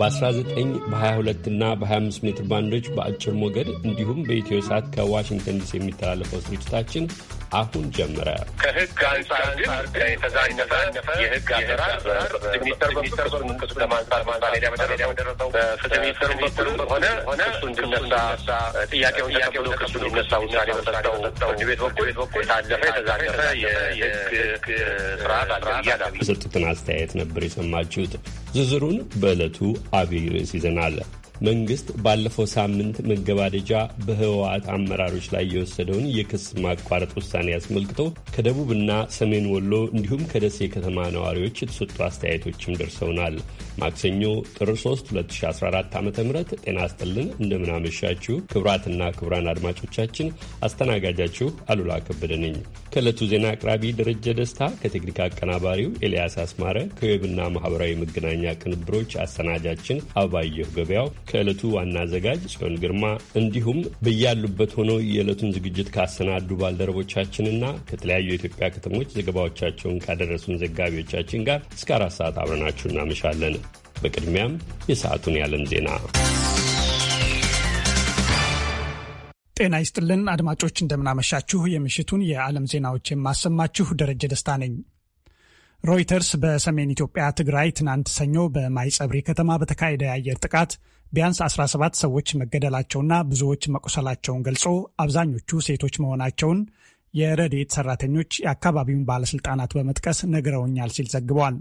በ19 በ22 እና በ25 ሜትር ባንዶች በአጭር ሞገድ እንዲሁም በኢትዮ ሰዓት ከዋሽንግተን ዲሲ የሚተላለፈው ስርጭታችን አሁን ጀመረ። ከህግ አንጻር ግን የተዛነፈ የህግ አሰራር ሚኒስተር ሚኒስተር ክሱ ሄዳ ያደረሰው በፍትህ ሚኒስተሩ በኩል ሆነ ሆነ እሱ እንድነሳ ጥያቄውን ተቀብሎ ክሱ እንድነሳ ውሳኔ በሰጠው ፍርድ ቤት በኩል በኩል የታለፈ የተዛነፈ የህግ ስርዓት አለ። እያዳ የሰጡትን አስተያየት ነበር የሰማችሁት። ዝርዝሩን በዕለቱ አብይ ርዕስ ይዘናል። መንግስት ባለፈው ሳምንት መገባደጃ በህወሓት አመራሮች ላይ የወሰደውን የክስ ማቋረጥ ውሳኔ አስመልክቶ ከደቡብና ሰሜን ወሎ እንዲሁም ከደሴ ከተማ ነዋሪዎች የተሰጡ አስተያየቶችም ደርሰውናል። ማክሰኞ ጥር 3 2014 ዓ ም ጤና ስጥልን እንደምናመሻችሁ ክቡራትና ክቡራን አድማጮቻችን አስተናጋጃችሁ አሉላ ከበደ ነኝ። ከዕለቱ ዜና አቅራቢ ደረጀ ደስታ፣ ከቴክኒክ አቀናባሪው ኤልያስ አስማረ፣ ከዌብና ማህበራዊ መገናኛ ቅንብሮች አሰናጃችን አባየሁ ገበያው ከዕለቱ ዋና አዘጋጅ ጽዮን ግርማ እንዲሁም በያሉበት ሆነው የዕለቱን ዝግጅት ካሰናዱ ባልደረቦቻችንና ከተለያዩ የኢትዮጵያ ከተሞች ዘገባዎቻቸውን ካደረሱን ዘጋቢዎቻችን ጋር እስከ አራት ሰዓት አብረናችሁ እናመሻለን። በቅድሚያም የሰዓቱን ያለም ዜና። ጤና ይስጥልን አድማጮች፣ እንደምናመሻችሁ። የምሽቱን የዓለም ዜናዎች የማሰማችሁ ደረጀ ደስታ ነኝ። ሮይተርስ በሰሜን ኢትዮጵያ ትግራይ ትናንት ሰኞ በማይጸብሪ ከተማ በተካሄደ የአየር ጥቃት ቢያንስ 17 ሰዎች መገደላቸውና ብዙዎች መቁሰላቸውን ገልጾ አብዛኞቹ ሴቶች መሆናቸውን የረዴት ሰራተኞች የአካባቢውን ባለስልጣናት በመጥቀስ ነግረውኛል ሲል ዘግቧል።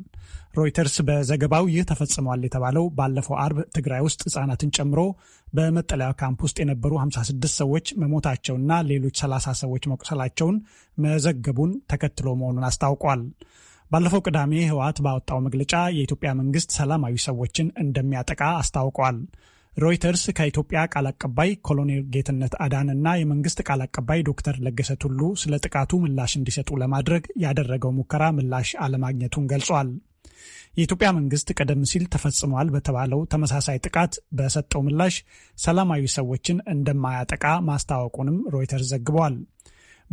ሮይተርስ በዘገባው ይህ ተፈጽሟል የተባለው ባለፈው አርብ ትግራይ ውስጥ ህጻናትን ጨምሮ በመጠለያ ካምፕ ውስጥ የነበሩ 56 ሰዎች መሞታቸውና ሌሎች 30 ሰዎች መቁሰላቸውን መዘገቡን ተከትሎ መሆኑን አስታውቋል። ባለፈው ቅዳሜ ህወሓት ባወጣው መግለጫ የኢትዮጵያ መንግስት ሰላማዊ ሰዎችን እንደሚያጠቃ አስታውቋል። ሮይተርስ ከኢትዮጵያ ቃል አቀባይ ኮሎኔል ጌትነት አዳን እና የመንግስት ቃል አቀባይ ዶክተር ለገሰ ቱሉ ስለ ጥቃቱ ምላሽ እንዲሰጡ ለማድረግ ያደረገው ሙከራ ምላሽ አለማግኘቱን ገልጿል። የኢትዮጵያ መንግስት ቀደም ሲል ተፈጽሟል በተባለው ተመሳሳይ ጥቃት በሰጠው ምላሽ ሰላማዊ ሰዎችን እንደማያጠቃ ማስታወቁንም ሮይተርስ ዘግቧል።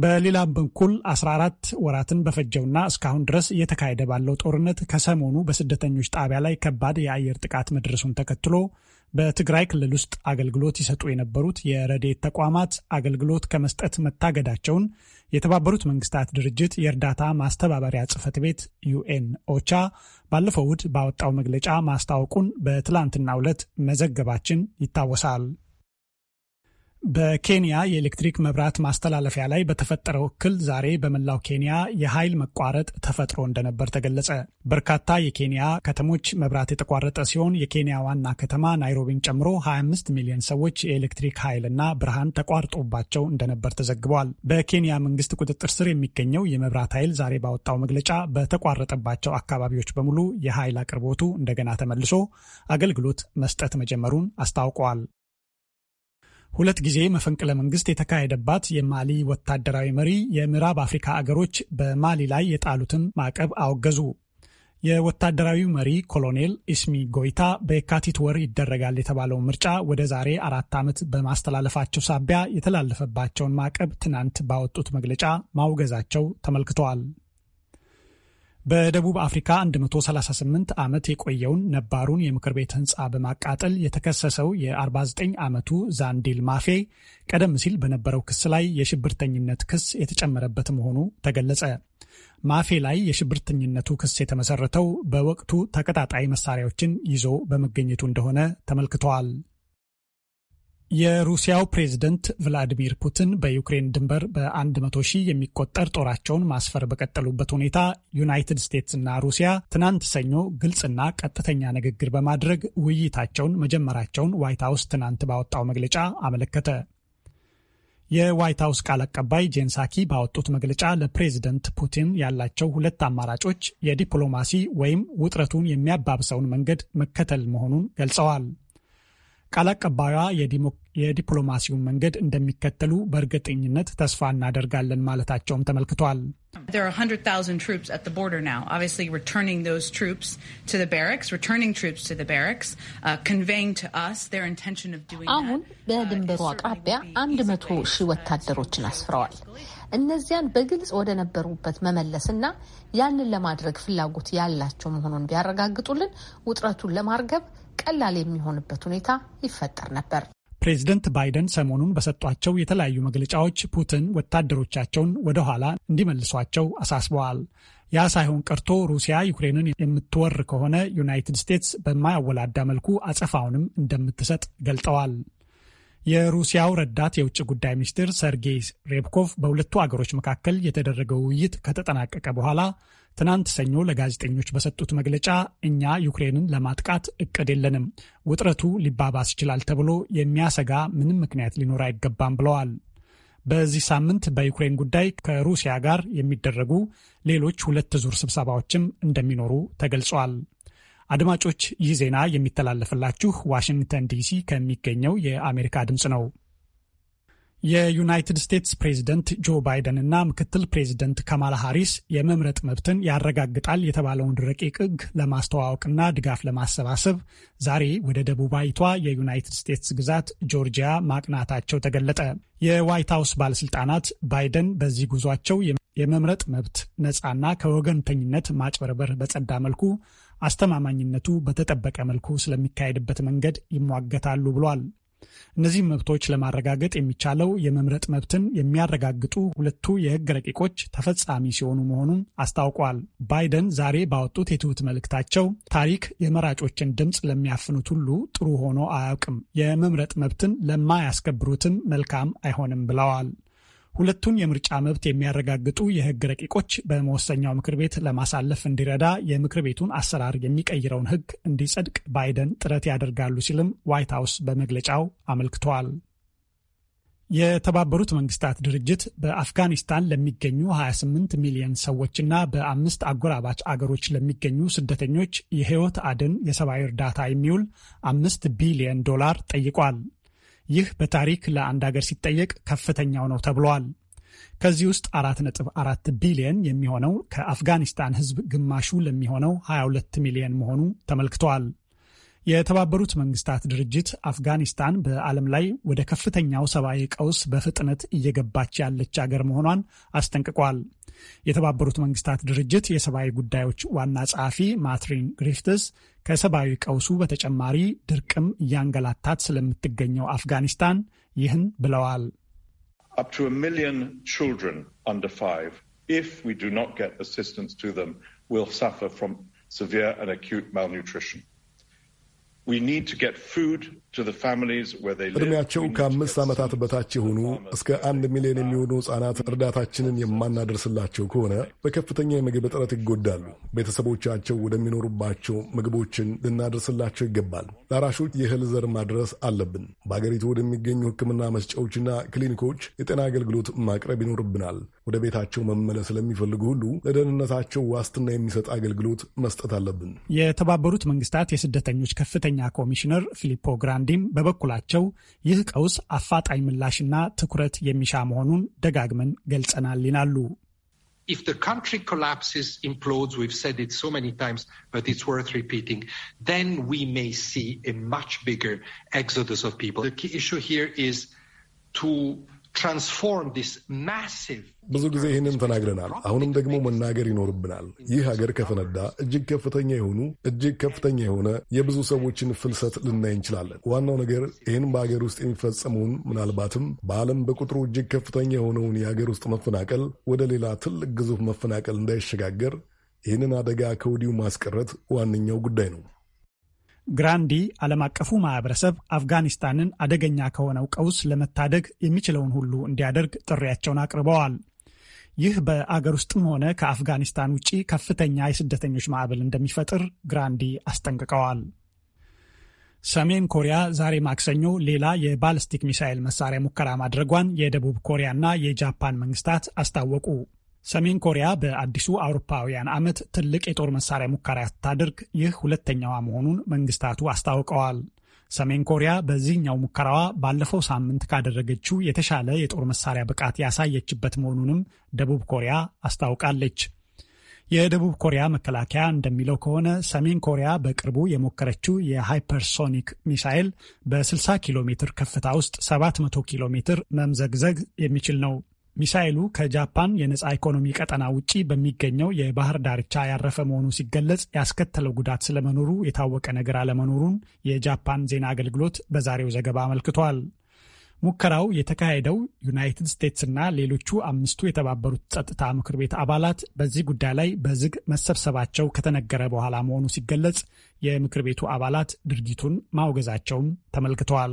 በሌላም በኩል 14 ወራትን በፈጀውና እስካሁን ድረስ እየተካሄደ ባለው ጦርነት ከሰሞኑ በስደተኞች ጣቢያ ላይ ከባድ የአየር ጥቃት መድረሱን ተከትሎ በትግራይ ክልል ውስጥ አገልግሎት ይሰጡ የነበሩት የረድኤት ተቋማት አገልግሎት ከመስጠት መታገዳቸውን የተባበሩት መንግስታት ድርጅት የእርዳታ ማስተባበሪያ ጽህፈት ቤት ዩኤን ኦቻ ባለፈው እሁድ ባወጣው መግለጫ ማስታወቁን በትላንትናው ዕለት መዘገባችን ይታወሳል። በኬንያ የኤሌክትሪክ መብራት ማስተላለፊያ ላይ በተፈጠረው እክል ዛሬ በመላው ኬንያ የኃይል መቋረጥ ተፈጥሮ እንደነበር ተገለጸ። በርካታ የኬንያ ከተሞች መብራት የተቋረጠ ሲሆን የኬንያ ዋና ከተማ ናይሮቢን ጨምሮ 25 ሚሊዮን ሰዎች የኤሌክትሪክ ኃይልና ብርሃን ተቋርጦባቸው እንደነበር ተዘግቧል። በኬንያ መንግስት ቁጥጥር ስር የሚገኘው የመብራት ኃይል ዛሬ ባወጣው መግለጫ በተቋረጠባቸው አካባቢዎች በሙሉ የኃይል አቅርቦቱ እንደገና ተመልሶ አገልግሎት መስጠት መጀመሩን አስታውቀዋል። ሁለት ጊዜ መፈንቅለ መንግስት የተካሄደባት የማሊ ወታደራዊ መሪ የምዕራብ አፍሪካ አገሮች በማሊ ላይ የጣሉትን ማዕቀብ አወገዙ። የወታደራዊው መሪ ኮሎኔል ኢስሚ ጎይታ በየካቲት ወር ይደረጋል የተባለው ምርጫ ወደ ዛሬ አራት ዓመት በማስተላለፋቸው ሳቢያ የተላለፈባቸውን ማዕቀብ ትናንት ባወጡት መግለጫ ማውገዛቸው ተመልክተዋል። በደቡብ አፍሪካ 138 ዓመት የቆየውን ነባሩን የምክር ቤት ህንፃ በማቃጠል የተከሰሰው የ49 ዓመቱ ዛንዲል ማፌ ቀደም ሲል በነበረው ክስ ላይ የሽብርተኝነት ክስ የተጨመረበት መሆኑ ተገለጸ። ማፌ ላይ የሽብርተኝነቱ ክስ የተመሰረተው በወቅቱ ተቀጣጣይ መሳሪያዎችን ይዞ በመገኘቱ እንደሆነ ተመልክተዋል። የሩሲያው ፕሬዝደንት ቭላዲሚር ፑቲን በዩክሬን ድንበር በ100 ሺህ የሚቆጠር ጦራቸውን ማስፈር በቀጠሉበት ሁኔታ ዩናይትድ እና ሩሲያ ትናንት ሰኞ ግልጽና ቀጥተኛ ንግግር በማድረግ ውይይታቸውን መጀመራቸውን ዋይት ሀውስ ትናንት ባወጣው መግለጫ አመለከተ። የዋይት ሀውስ ቃል አቀባይ ጄንሳኪ ባወጡት መግለጫ ለፕሬዝደንት ፑቲን ያላቸው ሁለት አማራጮች የዲፕሎማሲ ወይም ውጥረቱን የሚያባብሰውን መንገድ መከተል መሆኑን ገልጸዋል። ቃል አቀባዩዋ የዲፕሎማሲውን መንገድ እንደሚከተሉ በእርግጠኝነት ተስፋ እናደርጋለን ማለታቸውም ተመልክቷል። uh, አሁን uh, በድንበሩ አቅራቢያ አንድ መቶ ሺህ ወታደሮችን አስፍረዋል። እነዚያን በግልጽ ወደ ነበሩበት መመለስና ያንን ለማድረግ ፍላጎት ያላቸው መሆኑን ቢያረጋግጡልን ውጥረቱን ለማርገብ ቀላል የሚሆንበት ሁኔታ ይፈጠር ነበር። ፕሬዚደንት ባይደን ሰሞኑን በሰጧቸው የተለያዩ መግለጫዎች ፑቲን ወታደሮቻቸውን ወደ ኋላ እንዲመልሷቸው አሳስበዋል። ያ ሳይሆን ቀርቶ ሩሲያ ዩክሬንን የምትወር ከሆነ ዩናይትድ ስቴትስ በማያወላዳ መልኩ አጸፋውንም እንደምትሰጥ ገልጠዋል። የሩሲያው ረዳት የውጭ ጉዳይ ሚኒስትር ሰርጌይ ሬብኮቭ በሁለቱ አገሮች መካከል የተደረገው ውይይት ከተጠናቀቀ በኋላ ትናንት ሰኞ ለጋዜጠኞች በሰጡት መግለጫ እኛ ዩክሬንን ለማጥቃት እቅድ የለንም፣ ውጥረቱ ሊባባስ ይችላል ተብሎ የሚያሰጋ ምንም ምክንያት ሊኖር አይገባም ብለዋል። በዚህ ሳምንት በዩክሬን ጉዳይ ከሩሲያ ጋር የሚደረጉ ሌሎች ሁለት ዙር ስብሰባዎችም እንደሚኖሩ ተገልጿል። አድማጮች ይህ ዜና የሚተላለፍላችሁ ዋሽንግተን ዲሲ ከሚገኘው የአሜሪካ ድምፅ ነው። የዩናይትድ ስቴትስ ፕሬዚደንት ጆ ባይደን እና ምክትል ፕሬዚደንት ካማላ ሃሪስ የመምረጥ መብትን ያረጋግጣል የተባለውን ረቂቅ ሕግ ለማስተዋወቅና ድጋፍ ለማሰባሰብ ዛሬ ወደ ደቡባዊቷ የዩናይትድ ስቴትስ ግዛት ጆርጂያ ማቅናታቸው ተገለጠ። የዋይት ሀውስ ባለስልጣናት ባይደን በዚህ ጉዟቸው የመምረጥ መብት ነፃና ከወገንተኝነት ማጭበርበር በጸዳ መልኩ አስተማማኝነቱ በተጠበቀ መልኩ ስለሚካሄድበት መንገድ ይሟገታሉ ብሏል። እነዚህም መብቶች ለማረጋገጥ የሚቻለው የመምረጥ መብትን የሚያረጋግጡ ሁለቱ የህግ ረቂቆች ተፈጻሚ ሲሆኑ መሆኑን አስታውቋል። ባይደን ዛሬ ባወጡት የትሑት መልእክታቸው ታሪክ የመራጮችን ድምፅ ለሚያፍኑት ሁሉ ጥሩ ሆኖ አያውቅም፣ የመምረጥ መብትን ለማያስከብሩትም መልካም አይሆንም ብለዋል። ሁለቱን የምርጫ መብት የሚያረጋግጡ የህግ ረቂቆች በመወሰኛው ምክር ቤት ለማሳለፍ እንዲረዳ የምክር ቤቱን አሰራር የሚቀይረውን ህግ እንዲጸድቅ ባይደን ጥረት ያደርጋሉ ሲልም ዋይት ሀውስ በመግለጫው አመልክተዋል። የተባበሩት መንግስታት ድርጅት በአፍጋኒስታን ለሚገኙ 28 ሚሊዮን ሰዎችና በአምስት አጎራባች አገሮች ለሚገኙ ስደተኞች የህይወት አድን የሰብአዊ እርዳታ የሚውል አምስት ቢሊዮን ዶላር ጠይቋል። ይህ በታሪክ ለአንድ አገር ሲጠየቅ ከፍተኛው ነው ተብሏል። ከዚህ ውስጥ 4.4 ቢሊየን የሚሆነው ከአፍጋኒስታን ህዝብ ግማሹ ለሚሆነው 22 ሚሊየን መሆኑ ተመልክቷል። የተባበሩት መንግስታት ድርጅት አፍጋኒስታን በዓለም ላይ ወደ ከፍተኛው ሰብአዊ ቀውስ በፍጥነት እየገባች ያለች አገር መሆኗን አስጠንቅቋል። የተባበሩት መንግስታት ድርጅት የሰብአዊ ጉዳዮች ዋና ጸሐፊ ማትሪን ግሪፍትስ ከሰብአዊ ቀውሱ በተጨማሪ ድርቅም እያንገላታት ስለምትገኘው አፍጋኒስታን ይህን ብለዋል። up to a million children under five, if we do not get assistance to them, will suffer from severe and acute malnutrition. እድሜያቸው ከአምስት ዓመታት በታች የሆኑ እስከ አንድ ሚሊዮን የሚሆኑ ህጻናት እርዳታችንን የማናደርስላቸው ከሆነ በከፍተኛ የምግብ እጥረት ይጎዳሉ። ቤተሰቦቻቸው ወደሚኖሩባቸው ምግቦችን ልናደርስላቸው ይገባል። ላራሾች የእህል ዘር ማድረስ አለብን። በአገሪቱ ወደሚገኙ ሕክምና መስጫዎችና ክሊኒኮች የጤና አገልግሎት ማቅረብ ይኖርብናል። ወደ ቤታቸው መመለስ ለሚፈልጉ ሁሉ ለደህንነታቸው ዋስትና የሚሰጥ አገልግሎት መስጠት አለብን። የተባበሩት መንግስታት የስደተኞች ከፍተኛ ከፍተኛ ኮሚሽነር ፊሊፖ ግራንዲም በበኩላቸው ይህ ቀውስ አፋጣኝ ምላሽና ትኩረት የሚሻ መሆኑን ደጋግመን ገልጸናል ይላሉ። If the country collapses, implodes, we've said it so many times, but it's worth repeating, then we may see a much bigger exodus of people. The key issue here is to ብዙ ጊዜ ይህንን ተናግረናል። አሁንም ደግሞ መናገር ይኖርብናል። ይህ ሀገር ከፈነዳ እጅግ ከፍተኛ የሆኑ እጅግ ከፍተኛ የሆነ የብዙ ሰዎችን ፍልሰት ልናይ እንችላለን። ዋናው ነገር ይህን በሀገር ውስጥ የሚፈጸመውን ምናልባትም በዓለም በቁጥሩ እጅግ ከፍተኛ የሆነውን የሀገር ውስጥ መፈናቀል ወደ ሌላ ትልቅ ግዙፍ መፈናቀል እንዳይሸጋገር ይህንን አደጋ ከወዲሁ ማስቀረት ዋነኛው ጉዳይ ነው። ግራንዲ ዓለም አቀፉ ማህበረሰብ አፍጋኒስታንን አደገኛ ከሆነው ቀውስ ለመታደግ የሚችለውን ሁሉ እንዲያደርግ ጥሪያቸውን አቅርበዋል። ይህ በአገር ውስጥም ሆነ ከአፍጋኒስታን ውጪ ከፍተኛ የስደተኞች ማዕበል እንደሚፈጥር ግራንዲ አስጠንቅቀዋል። ሰሜን ኮሪያ ዛሬ ማክሰኞ ሌላ የባልስቲክ ሚሳይል መሳሪያ ሙከራ ማድረጓን የደቡብ ኮሪያና የጃፓን መንግስታት አስታወቁ። ሰሜን ኮሪያ በአዲሱ አውሮፓውያን ዓመት ትልቅ የጦር መሳሪያ ሙከራ ስታደርግ ይህ ሁለተኛዋ መሆኑን መንግስታቱ አስታውቀዋል። ሰሜን ኮሪያ በዚህኛው ሙከራዋ ባለፈው ሳምንት ካደረገችው የተሻለ የጦር መሳሪያ ብቃት ያሳየችበት መሆኑንም ደቡብ ኮሪያ አስታውቃለች። የደቡብ ኮሪያ መከላከያ እንደሚለው ከሆነ ሰሜን ኮሪያ በቅርቡ የሞከረችው የሃይፐርሶኒክ ሚሳይል በ60 ኪሎ ሜትር ከፍታ ውስጥ 700 ኪሎ ሜትር መምዘግዘግ የሚችል ነው። ሚሳኤሉ ከጃፓን የነፃ ኢኮኖሚ ቀጠና ውጪ በሚገኘው የባህር ዳርቻ ያረፈ መሆኑ ሲገለጽ ያስከተለው ጉዳት ስለመኖሩ የታወቀ ነገር አለመኖሩን የጃፓን ዜና አገልግሎት በዛሬው ዘገባ አመልክቷል። ሙከራው የተካሄደው ዩናይትድ ስቴትስና ሌሎቹ አምስቱ የተባበሩት ጸጥታ ምክር ቤት አባላት በዚህ ጉዳይ ላይ በዝግ መሰብሰባቸው ከተነገረ በኋላ መሆኑ ሲገለጽ የምክር ቤቱ አባላት ድርጊቱን ማውገዛቸውም ተመልክተዋል።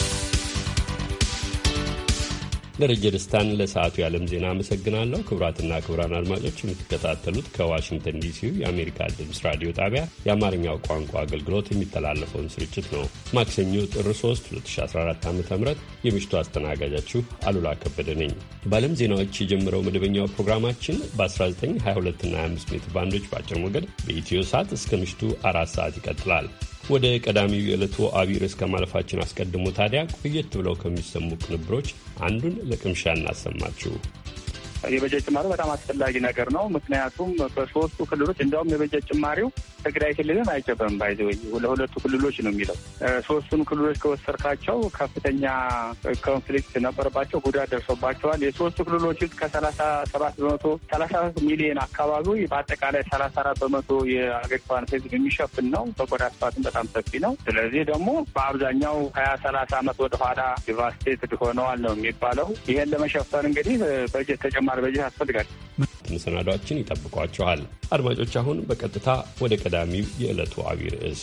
ደረጀ ደስታን ለሰዓቱ የዓለም ዜና አመሰግናለሁ። ክቡራትና ክቡራን አድማጮች የምትከታተሉት ከዋሽንግተን ዲሲው የአሜሪካ ድምፅ ራዲዮ ጣቢያ የአማርኛው ቋንቋ አገልግሎት የሚተላለፈውን ስርጭት ነው። ማክሰኞ ጥር 3 2014 ዓ ም የምሽቱ አስተናጋጃችሁ አሉላ ከበደ ነኝ። በዓለም ዜናዎች የጀመረው መደበኛው ፕሮግራማችን በ1922ና 25 ሜትር ባንዶች በአጭር ሞገድ በኢትዮ ሰዓት እስከ ምሽቱ አራት ሰዓት ይቀጥላል። ወደ ቀዳሚው የዕለቱ አቢር እስከ ማለፋችን አስቀድሞ ታዲያ ቆየት ብለው ከሚሰሙ ቅንብሮች አንዱን ለቅምሻ እናሰማችሁ። የበጀት ጭማሪ በጣም አስፈላጊ ነገር ነው። ምክንያቱም በሶስቱ ክልሎች እንዲያውም የበጀት ጭማሪው ትግራይ ክልልን አይጨበም ባይዘወይ ለሁለቱ ክልሎች ነው የሚለው። ሶስቱን ክልሎች ከወሰድካቸው ከፍተኛ ኮንፍሊክት ነበረባቸው፣ ጉዳት ደርሶባቸዋል። የሶስቱ ክልሎች ውስጥ ከሰላሳ ሰባት በመቶ ሰላሳ ሚሊዮን አካባቢ በአጠቃላይ ሰላሳ አራት በመቶ የአገሪቷን ህዝብ የሚሸፍን ነው። በቆዳ ስፋትም በጣም ሰፊ ነው። ስለዚህ ደግሞ በአብዛኛው ሀያ ሰላሳ አመት ወደኋላ ዲቫስቴት ሆነዋል ነው የሚባለው። ይሄን ለመሸፈን እንግዲህ በጀት ተጨማ ማርበጃ ያስፈልጋል። መሰናዷችን ይጠብቋቸዋል። አድማጮች፣ አሁን በቀጥታ ወደ ቀዳሚው የዕለቱ አቢይ ርዕስ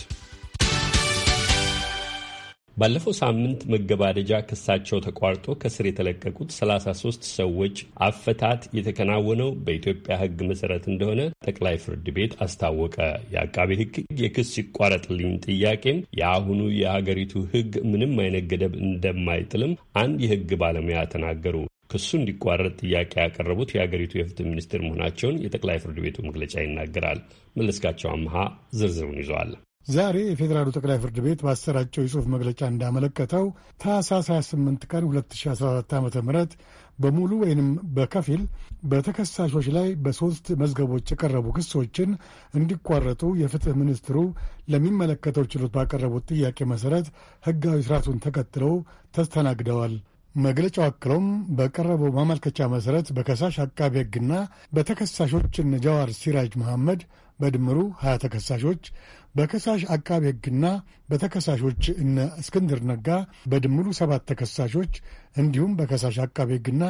ባለፈው ሳምንት መገባደጃ ክሳቸው ተቋርጦ ከስር የተለቀቁት 33 ሰዎች አፈታት የተከናወነው በኢትዮጵያ ሕግ መሰረት እንደሆነ ጠቅላይ ፍርድ ቤት አስታወቀ። የአቃቤ ሕግ የክስ ይቋረጥልኝ ጥያቄም የአሁኑ የሀገሪቱ ሕግ ምንም አይነት ገደብ እንደማይጥልም አንድ የሕግ ባለሙያ ተናገሩ። ክሱ እንዲቋረጥ ጥያቄ ያቀረቡት የአገሪቱ የፍትህ ሚኒስትር መሆናቸውን የጠቅላይ ፍርድ ቤቱ መግለጫ ይናገራል። መለስካቸው አመሃ ዝርዝሩን ይዘዋል። ዛሬ የፌዴራሉ ጠቅላይ ፍርድ ቤት ባሰራጨው የጽሑፍ መግለጫ እንዳመለከተው ታህሳስ 28 ቀን 2014 ዓ ም በሙሉ ወይንም በከፊል በተከሳሾች ላይ በሦስት መዝገቦች የቀረቡ ክሶችን እንዲቋረጡ የፍትሕ ሚኒስትሩ ለሚመለከተው ችሎት ባቀረቡት ጥያቄ መሠረት ሕጋዊ ሥርዓቱን ተከትለው ተስተናግደዋል። መግለጫው አክለውም በቀረበው ማመልከቻ መሰረት በከሳሽ አቃቢ ሕግና በተከሳሾች እነ ጃዋር ሲራጅ መሐመድ በድምሩ ሀያ ተከሳሾች በከሳሽ አቃቢ ሕግና በተከሳሾች እነ እስክንድር ነጋ በድምሩ ሰባት ተከሳሾች እንዲሁም በከሳሽ አቃቢ ሕግና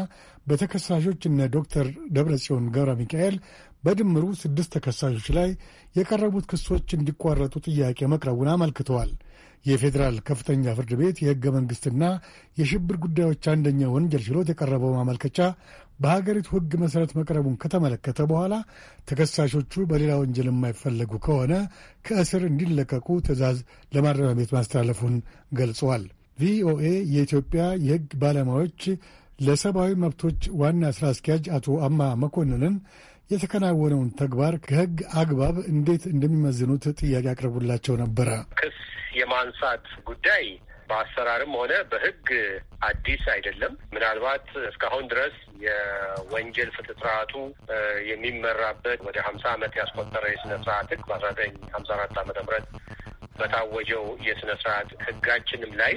በተከሳሾች እነ ዶክተር ደብረጽዮን ገብረ ሚካኤል በድምሩ ስድስት ተከሳሾች ላይ የቀረቡት ክሶች እንዲቋረጡ ጥያቄ መቅረቡን አመልክተዋል። የፌዴራል ከፍተኛ ፍርድ ቤት የሕገ መንግሥትና የሽብር ጉዳዮች አንደኛ ወንጀል ችሎት የቀረበው ማመልከቻ በሀገሪቱ ሕግ መሠረት መቅረቡን ከተመለከተ በኋላ ተከሳሾቹ በሌላ ወንጀል የማይፈለጉ ከሆነ ከእስር እንዲለቀቁ ትዕዛዝ ለማረሚያ ቤት ማስተላለፉን ገልጸዋል። ቪኦኤ የኢትዮጵያ የሕግ ባለሙያዎች ለሰብአዊ መብቶች ዋና ሥራ አስኪያጅ አቶ አማ መኮንንን የተከናወነውን ተግባር ከህግ አግባብ እንዴት እንደሚመዝኑት ጥያቄ አቅርቡላቸው ነበረ። ክስ የማንሳት ጉዳይ በአሰራርም ሆነ በህግ አዲስ አይደለም። ምናልባት እስካሁን ድረስ የወንጀል ፍትህ ስርዓቱ የሚመራበት ወደ ሀምሳ ዓመት ያስቆጠረ የስነ ስርዓት ሕግ በአስራ ዘጠኝ ሀምሳ አራት ዓመተ ምህረት በታወጀው የስነ ስርዓት ህጋችንም ላይ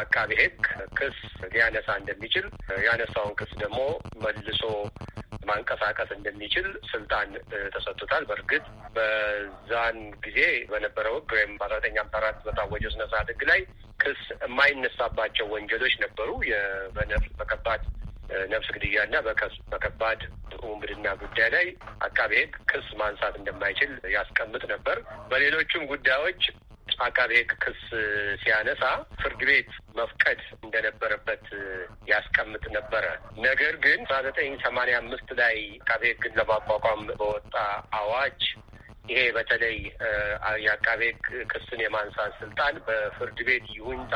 አቃቤ ህግ ክስ ሊያነሳ እንደሚችል ያነሳውን ክስ ደግሞ መልሶ ማንቀሳቀስ እንደሚችል ስልጣን ተሰጥቶታል። በእርግጥ በዛን ጊዜ በነበረው ህግ ወይም በአስራ ዘጠኝ አምሳ አራት በታወጀው ስነ ስርዓት ህግ ላይ ክስ የማይነሳባቸው ወንጀሎች ነበሩ። በነፍስ በከባድ ነፍስ ግድያና በከባድ ውንብድና ጉዳይ ላይ አቃቤ ህግ ክስ ማንሳት እንደማይችል ያስቀምጥ ነበር። በሌሎቹም ጉዳዮች አቃቤ ሕግ ክስ ሲያነሳ ፍርድ ቤት መፍቀድ እንደነበረበት ያስቀምጥ ነበረ። ነገር ግን አስራ ዘጠኝ ሰማንያ አምስት ላይ አቃቤ ሕግን ለማቋቋም በወጣ አዋጅ ይሄ በተለይ የአቃቤ ሕግ ክስን የማንሳት ስልጣን በፍርድ ቤት ይሁንታ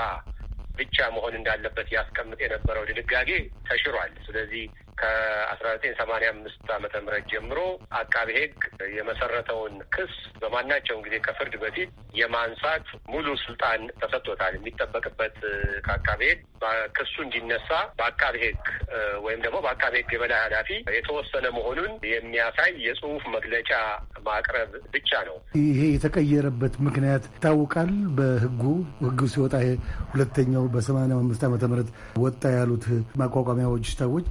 ብቻ መሆን እንዳለበት ያስቀምጥ የነበረው ድንጋጌ ተሽሯል። ስለዚህ ከአስራ ዘጠኝ ሰማንያ አምስት አመተ ምህረት ጀምሮ አቃቤ ሕግ የመሰረተውን ክስ በማናቸውም ጊዜ ከፍርድ በፊት የማንሳት ሙሉ ስልጣን ተሰጥቶታል። የሚጠበቅበት ከአቃቤ ሕግ ክሱ እንዲነሳ በአቃቤ ሕግ ወይም ደግሞ በአቃቤ ሕግ የበላይ ኃላፊ የተወሰነ መሆኑን የሚያሳይ የጽሁፍ መግለጫ ማቅረብ ብቻ ነው። ይሄ የተቀየረበት ምክንያት ይታወቃል። በህጉ ህጉ ሲወጣ ሁለተኛው በሰማንያ አምስት አመተ ምህረት ወጣ ያሉት ማቋቋሚያዎች ሰዎች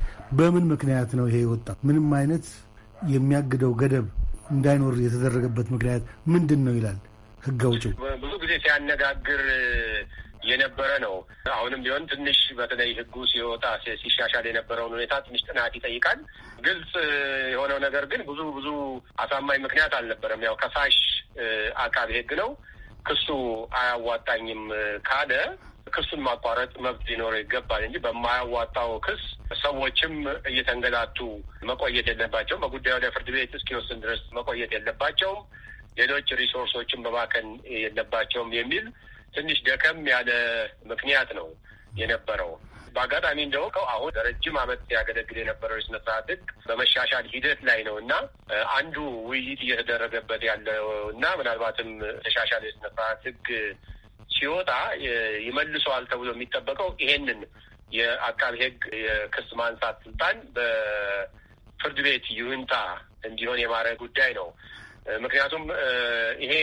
በምን ምክንያት ነው ይሄ ወጣ ምንም አይነት የሚያግደው ገደብ እንዳይኖር የተደረገበት ምክንያት ምንድን ነው ይላል ህግ አውጪው። ብዙ ጊዜ ሲያነጋግር የነበረ ነው። አሁንም ቢሆን ትንሽ በተለይ ህጉ ሲወጣ ሲሻሻል የነበረውን ሁኔታ ትንሽ ጥናት ይጠይቃል። ግልጽ የሆነው ነገር ግን ብዙ ብዙ አሳማኝ ምክንያት አልነበረም። ያው ከሳሽ አቃቤ ህግ ነው ክሱ አያዋጣኝም ካለ ክሱን ማቋረጥ መብት ሊኖረው ይገባል እንጂ በማያዋጣው ክስ ሰዎችም እየተንገላቱ መቆየት የለባቸውም። በጉዳዩ ላይ ፍርድ ቤት እስኪወስን ድረስ መቆየት የለባቸውም። ሌሎች ሪሶርሶችን በማከን የለባቸውም የሚል ትንሽ ደከም ያለ ምክንያት ነው የነበረው። በአጋጣሚ እንደወቀው አሁን ለረጅም ዓመት ያገለግል የነበረው የሥነ ስርዓት ሕግ በመሻሻል ሂደት ላይ ነው እና አንዱ ውይይት እየተደረገበት ያለው እና ምናልባትም ተሻሻል የሥነ ስርዓት ሕግ ሲወጣ ይመልሰዋል ተብሎ የሚጠበቀው ይሄንን የአቃቢ ሕግ የክስ ማንሳት ስልጣን በፍርድ ቤት ይሁንታ እንዲሆን የማድረግ ጉዳይ ነው። ምክንያቱም ይሄ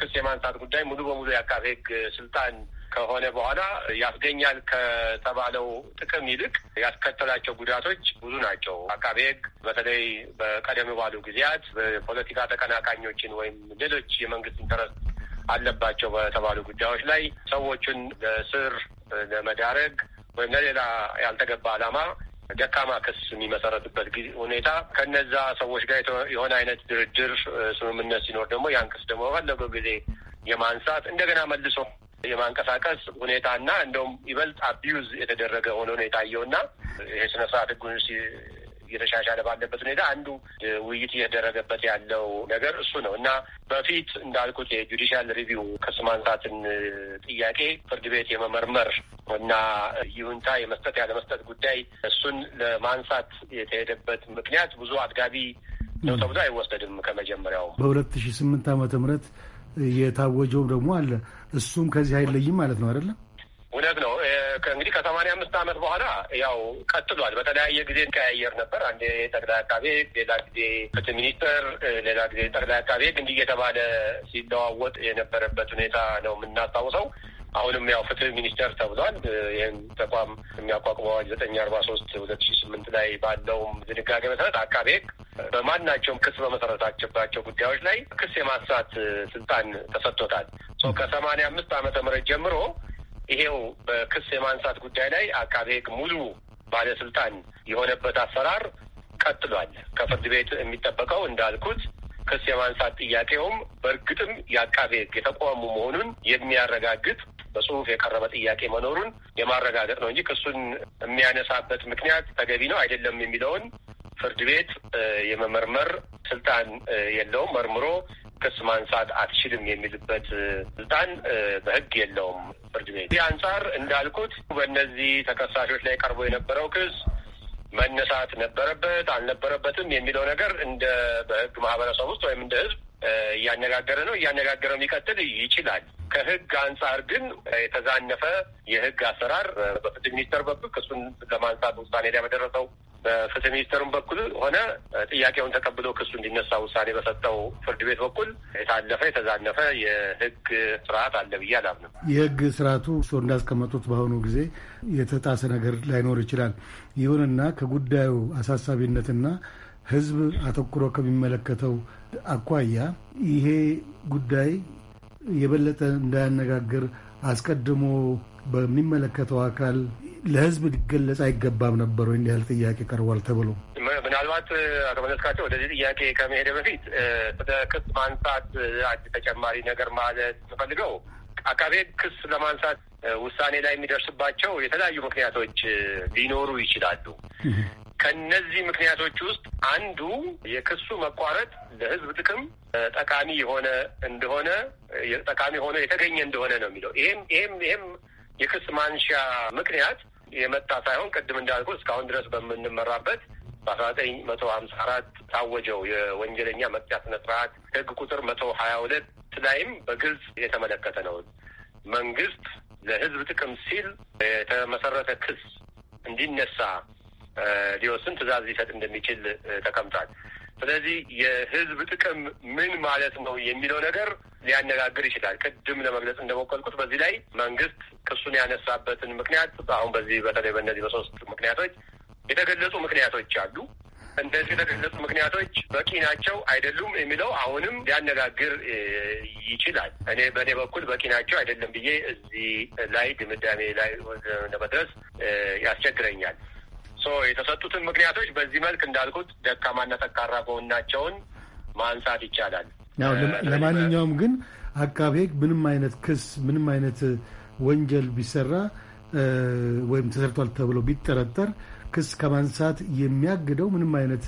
ክስ የማንሳት ጉዳይ ሙሉ በሙሉ የአቃቢ ሕግ ስልጣን ከሆነ በኋላ ያስገኛል ከተባለው ጥቅም ይልቅ ያስከተላቸው ጉዳቶች ብዙ ናቸው። አቃቤ ሕግ በተለይ በቀደም ባሉ ጊዜያት ፖለቲካ ተቀናቃኞችን ወይም ሌሎች የመንግስት ኢንተረስት አለባቸው በተባሉ ጉዳዮች ላይ ሰዎቹን ለስር ለመዳረግ ወይም ለሌላ ያልተገባ ዓላማ ደካማ ክስ የሚመሰረትበት ሁኔታ ከነዛ ሰዎች ጋር የሆነ አይነት ድርድር ስምምነት ሲኖር ደግሞ ያን ክስ ደግሞ በፈለገው ጊዜ የማንሳት እንደገና መልሶ የማንቀሳቀስ ሁኔታና እንደውም ይበልጥ አቢዩዝ የተደረገ ሆኖ ነው የታየውና ይሄ ስነስርዓት ህጉን እየተሻሻለ ባለበት ሁኔታ አንዱ ውይይት እየተደረገበት ያለው ነገር እሱ ነው እና በፊት እንዳልኩት የጁዲሻል ሪቪው ክስ ማንሳትን ጥያቄ ፍርድ ቤት የመመርመር እና ይሁንታ የመስጠት ያለመስጠት ጉዳይ እሱን ለማንሳት የተሄደበት ምክንያት ብዙ አጥጋቢ ነው ተብሎ አይወሰድም። ከመጀመሪያው በሁለት ሺ ስምንት ዓመተ ምህረት የታወጀው ደግሞ አለ። እሱም ከዚህ አይለይም ማለት ነው አይደለም እውነት ነው። እንግዲህ ከሰማንያ አምስት ዓመት በኋላ ያው ቀጥሏል። በተለያየ ጊዜ እንቀያየር ነበር። አንዴ ጠቅላይ አቃቤ ሕግ፣ ሌላ ጊዜ ፍትህ ሚኒስትር፣ ሌላ ጊዜ ጠቅላይ አቃቤ ሕግ እንዲህ የተባለ ሲለዋወጥ የነበረበት ሁኔታ ነው የምናስታውሰው። አሁንም ያው ፍትህ ሚኒስቴር ተብሏል። ይህን ተቋም የሚያቋቁመው አዋጅ ዘጠኝ አርባ ሶስት ሁለት ሺ ስምንት ላይ ባለውም ድንጋጌ መሰረት አቃቤ ሕግ በማናቸውም ክስ በመሰረታቸባቸው ጉዳዮች ላይ ክስ የማንሳት ስልጣን ተሰጥቶታል። ከሰማንያ አምስት ዓመተ ምህረት ጀምሮ ይሄው በክስ የማንሳት ጉዳይ ላይ አቃቤ ሕግ ሙሉ ባለስልጣን የሆነበት አሰራር ቀጥሏል። ከፍርድ ቤት የሚጠበቀው እንዳልኩት ክስ የማንሳት ጥያቄውም በእርግጥም የአቃቤ ሕግ የተቋሙ መሆኑን የሚያረጋግጥ በጽሁፍ የቀረበ ጥያቄ መኖሩን የማረጋገጥ ነው እንጂ ክሱን የሚያነሳበት ምክንያት ተገቢ ነው አይደለም የሚለውን ፍርድ ቤት የመመርመር ስልጣን የለውም። መርምሮ ክስ ማንሳት አትችልም የሚልበት ስልጣን በህግ የለውም ፍርድ ቤት። እዚህ አንጻር እንዳልኩት በእነዚህ ተከሳሾች ላይ ቀርቦ የነበረው ክስ መነሳት ነበረበት አልነበረበትም የሚለው ነገር እንደ በህግ ማህበረሰብ ውስጥ ወይም እንደ ህዝብ እያነጋገረ ነው እያነጋገረው ሊቀጥል ይችላል። ከህግ አንጻር ግን የተዛነፈ የህግ አሰራር በፍትህ ሚኒስቴር በኩል ክሱን ለማንሳት ውሳኔ ላይ በደረሰው በፍትህ ሚኒስቴሩም በኩል ሆነ ጥያቄውን ተቀብሎ ክሱ እንዲነሳ ውሳኔ በሰጠው ፍርድ ቤት በኩል የታለፈ የተዛነፈ የህግ ስርዓት አለ ብዬ አላምንም። የህግ ስርዓቱ እሱ እንዳስቀመጡት በአሁኑ ጊዜ የተጣሰ ነገር ላይኖር ይችላል። ይሁንና ከጉዳዩ አሳሳቢነትና ህዝብ አተኩሮ ከሚመለከተው አኳያ ይሄ ጉዳይ የበለጠ እንዳያነጋግር አስቀድሞ በሚመለከተው አካል ለህዝብ ሊገለጽ አይገባም ነበር ወይ? ያህል ጥያቄ ቀርቧል ተብሎ ምናልባት አቶ መለስካቸው ወደዚህ ጥያቄ ከመሄደ በፊት ወደ ክስ ማንሳት አዲስ ተጨማሪ ነገር ማለት የምፈልገው አቃቤ ክስ ለማንሳት ውሳኔ ላይ የሚደርስባቸው የተለያዩ ምክንያቶች ሊኖሩ ይችላሉ። ከነዚህ ምክንያቶች ውስጥ አንዱ የክሱ መቋረጥ ለህዝብ ጥቅም ጠቃሚ የሆነ እንደሆነ ጠቃሚ ሆኖ የተገኘ እንደሆነ ነው የሚለው ይሄም ይሄም ይሄም የክስ ማንሻ ምክንያት የመጣ ሳይሆን ቅድም እንዳልኩ እስካሁን ድረስ በምንመራበት በአስራ ዘጠኝ መቶ ሀምሳ አራት ታወጀው የወንጀለኛ መቅጫ ስነ ስርዓት ህግ ቁጥር መቶ ሀያ ሁለት ላይም በግልጽ የተመለከተ ነው። መንግስት ለህዝብ ጥቅም ሲል የተመሰረተ ክስ እንዲነሳ ሊወስን ትእዛዝ ሊሰጥ እንደሚችል ተቀምጧል። ስለዚህ የህዝብ ጥቅም ምን ማለት ነው የሚለው ነገር ሊያነጋግር ይችላል። ቅድም ለመግለጽ እንደሞከልኩት በዚህ ላይ መንግስት ክሱን ያነሳበትን ምክንያት አሁን በዚህ በተለይ በእነዚህ በሶስት ምክንያቶች የተገለጹ ምክንያቶች አሉ። እንደዚህ የተገለጹ ምክንያቶች በቂ ናቸው አይደሉም የሚለው አሁንም ሊያነጋግር ይችላል። እኔ በእኔ በኩል በቂ ናቸው አይደለም ብዬ እዚህ ላይ ድምዳሜ ላይ ለመድረስ ያስቸግረኛል። የተሰጡትን ምክንያቶች በዚህ መልክ እንዳልኩት ደካማና ጠንካራ መሆናቸውን ማንሳት ይቻላል። ለማንኛውም ግን አቃቤ ሕግ ምንም አይነት ክስ ምንም አይነት ወንጀል ቢሰራ ወይም ተሰርቷል ተብሎ ቢጠረጠር ክስ ከማንሳት የሚያግደው ምንም አይነት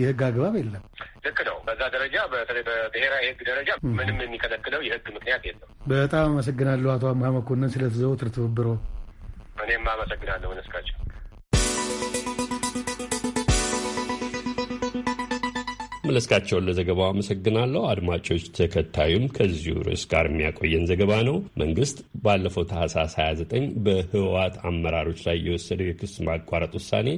የህግ አግባብ የለም። ልክ ነው። በዛ ደረጃ በብሔራዊ ህግ ደረጃ ምንም የሚከለክለው የህግ ምክንያት የለም። በጣም አመሰግናለሁ አቶ አምሃ መኮንን ስለ ትብብሮ። እኔም አመሰግናለሁ ነስካቸው መለስካቸውን ለዘገባው አመሰግናለሁ። አድማጮች፣ ተከታዩም ከዚሁ ርዕስ ጋር የሚያቆየን ዘገባ ነው። መንግስት ባለፈው ታህሳስ 29 በህወሓት አመራሮች ላይ የወሰደው የክስ ማቋረጥ ውሳኔ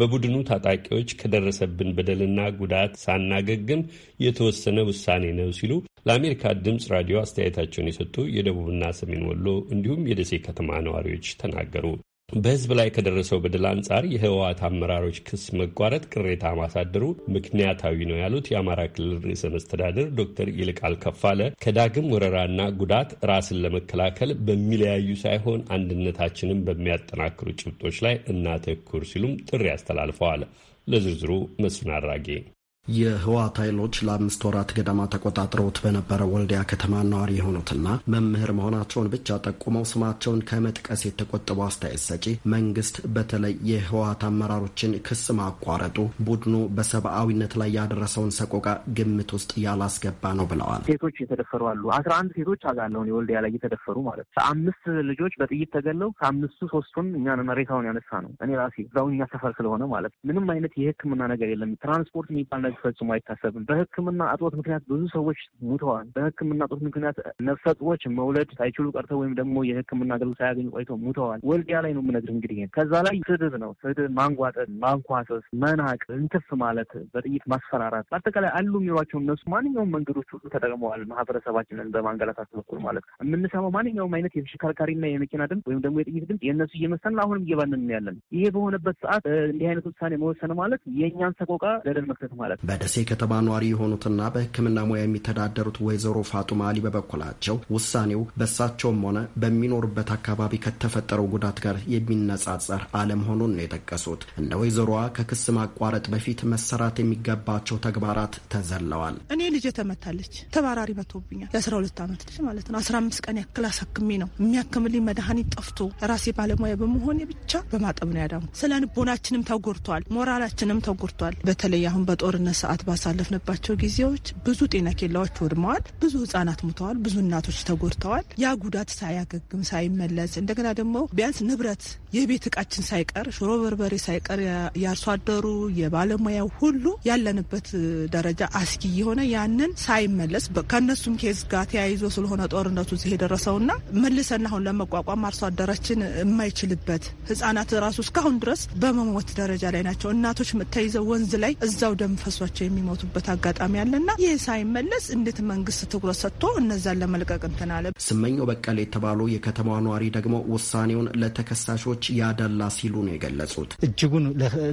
በቡድኑ ታጣቂዎች ከደረሰብን በደልና ጉዳት ሳናገግም የተወሰነ ውሳኔ ነው ሲሉ ለአሜሪካ ድምፅ ራዲዮ አስተያየታቸውን የሰጡ የደቡብና ሰሜን ወሎ እንዲሁም የደሴ ከተማ ነዋሪዎች ተናገሩ። በህዝብ ላይ ከደረሰው በደል አንጻር የህወሓት አመራሮች ክስ መቋረጥ ቅሬታ ማሳደሩ ምክንያታዊ ነው ያሉት የአማራ ክልል ርዕሰ መስተዳድር ዶክተር ይልቃል ከፋለ ከዳግም ወረራና ጉዳት ራስን ለመከላከል በሚለያዩ ሳይሆን አንድነታችንን በሚያጠናክሩ ጭብጦች ላይ እናተኩር ሲሉም ጥሪ አስተላልፈዋል። ለዝርዝሩ መስፍን አራጌ የህወሓት ኃይሎች ለአምስት ወራት ገደማ ተቆጣጥረውት በነበረው ወልዲያ ከተማ ነዋሪ የሆኑትና መምህር መሆናቸውን ብቻ ጠቁመው ስማቸውን ከመጥቀስ የተቆጠቡ አስተያየት ሰጪ መንግስት በተለይ የህወሓት አመራሮችን ክስ ማቋረጡ ቡድኑ በሰብአዊነት ላይ ያደረሰውን ሰቆቃ ግምት ውስጥ ያላስገባ ነው ብለዋል። ሴቶች የተደፈሩ አሉ። አስራ አንድ ሴቶች አጋለውን የወልዲያ ላይ የተደፈሩ ማለት አምስት ልጆች በጥይት ተገለው ከአምስቱ ሶስቱን እኛ መሬታውን ያነሳ ነው እኔ ራሴ እዛው እኛ ሰፈር ስለሆነ ማለት ምንም አይነት የህክምና ነገር የለም። ትራንስፖርት የሚባል ነገር ፈጽሞ አይታሰብም። በሕክምና እጦት ምክንያት ብዙ ሰዎች ሙተዋል። በሕክምና እጦት ምክንያት ነፍሰ ጡሮች መውለድ ሳይችሉ ቀርተው ወይም ደግሞ የሕክምና አገልግሎት ሳያገኙ ቆይቶ ሙተዋል። ወልዲያ ላይ ነው የምነግርህ። እንግዲህ ከዛ ላይ ስድብ ነው ስድብ፣ ማንጓጠጥ፣ ማንኳሰስ፣ መናቅ፣ እንትፍ ማለት፣ በጥይት ማስፈራራት፣ በአጠቃላይ አሉ የሚሏቸው እነሱ ማንኛውም መንገዶች ሁሉ ተጠቅመዋል። ማህበረሰባችንን በማንገላታት በኩል ማለት የምንሰማው ማንኛውም አይነት የተሽከርካሪና የመኪና ድምፅ ወይም ደግሞ የጥይት ድምፅ የእነሱ እየመሰልን አሁንም እየባንን ያለን። ይሄ በሆነበት ሰዓት እንዲህ አይነት ውሳኔ መወሰን ማለት የእኛን ሰቆቃ ለደን መክተት ማለት በደሴ ከተማ ኗሪ የሆኑትና በሕክምና ሙያ የሚተዳደሩት ወይዘሮ ፋጡማ አሊ በበኩላቸው ውሳኔው በእሳቸውም ሆነ በሚኖሩበት አካባቢ ከተፈጠረው ጉዳት ጋር የሚነጻጸር አለመሆኑን ነው የጠቀሱት። እነ ወይዘሮዋ ከክስ ማቋረጥ በፊት መሰራት የሚገባቸው ተግባራት ተዘለዋል። እኔ ልጄ ተመታለች፣ ተባራሪ መቶብኛል። የ12 ዓመት ልጅ ማለት ነው። 15 ቀን ያክል አሳክሜ ነው የሚያክምልኝ መድኃኒት ጠፍቶ ራሴ ባለሙያ በመሆኔ ብቻ በማጠብ ነው ያዳሙ። ስለ ንቦናችንም ተጎድቷል፣ ሞራላችንም ተጎድቷል። በተለይ አሁን በጦርነት የሆነ ሰዓት ባሳለፍንባቸው ጊዜዎች ብዙ ጤና ኬላዎች ወድመዋል፣ ብዙ ህጻናት ሙተዋል፣ ብዙ እናቶች ተጎድተዋል። ያ ጉዳት ሳያገግም ሳይመለስ እንደገና ደግሞ ቢያንስ ንብረት የቤት እቃችን ሳይቀር ሽሮ በርበሬ ሳይቀር የአርሶ አደሩ የባለሙያው ሁሉ ያለንበት ደረጃ አስጊ የሆነ ያንን ሳይመለስ ከእነሱም ኬዝ ጋር ተያይዞ ስለሆነ ጦርነቱ እዚህ የደረሰውና መልሰና አሁን ለመቋቋም አርሶ አደራችን የማይችልበት ህጻናት ራሱ እስካሁን ድረስ በመሞት ደረጃ ላይ ናቸው። እናቶች ተይዘው ወንዝ ላይ እዛው ደም ፈሱ ደርሷቸው የሚሞቱበት አጋጣሚ አለና ይህ ሳይመለስ እንዴት መንግስት ትኩረት ሰጥቶ እነዛን ለመልቀቅ እንትን አለ። ስመኘው በቀል የተባሉ የከተማዋ ነዋሪ ደግሞ ውሳኔውን ለተከሳሾች ያደላ ሲሉ ነው የገለጹት። እጅጉን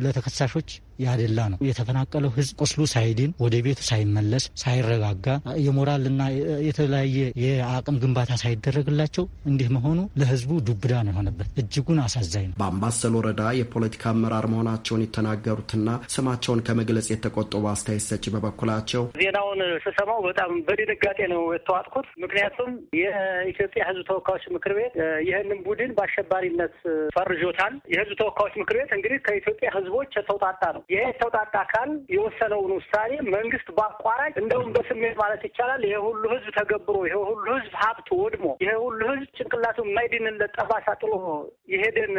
ለተከሳሾች ያደላ ነው። የተፈናቀለው ህዝብ ቁስሉ ሳይድን ወደ ቤቱ ሳይመለስ ሳይረጋጋ የሞራልና የተለያየ የአቅም ግንባታ ሳይደረግላቸው እንዲህ መሆኑ ለህዝቡ ዱብዳ ነው የሆነበት። እጅጉን አሳዛኝ ነው። በአምባሰል ወረዳ የፖለቲካ አመራር መሆናቸውን የተናገሩትና ስማቸውን ከመግለጽ የተቆጠቡ አስተያየት ሰጪ በበኩላቸው ዜናውን ስሰማው በጣም በድንጋጤ ነው የተዋጥኩት። ምክንያቱም የኢትዮጵያ ህዝብ ተወካዮች ምክር ቤት ይህንን ቡድን በአሸባሪነት ፈርጆታል። የህዝብ ተወካዮች ምክር ቤት እንግዲህ ከኢትዮጵያ ህዝቦች የተውጣጣ ነው። የተውጣጣ አካል የወሰነውን ውሳኔ መንግስት በአቋራጭ እንደውም በስሜት ማለት ይቻላል ይሄ ሁሉ ህዝብ ተገብሮ ይሄ ሁሉ ህዝብ ሀብት ወድሞ ይሄ ሁሉ ህዝብ ጭንቅላቱ የማይድንለት ጠባሳ ጥሎ የሄደን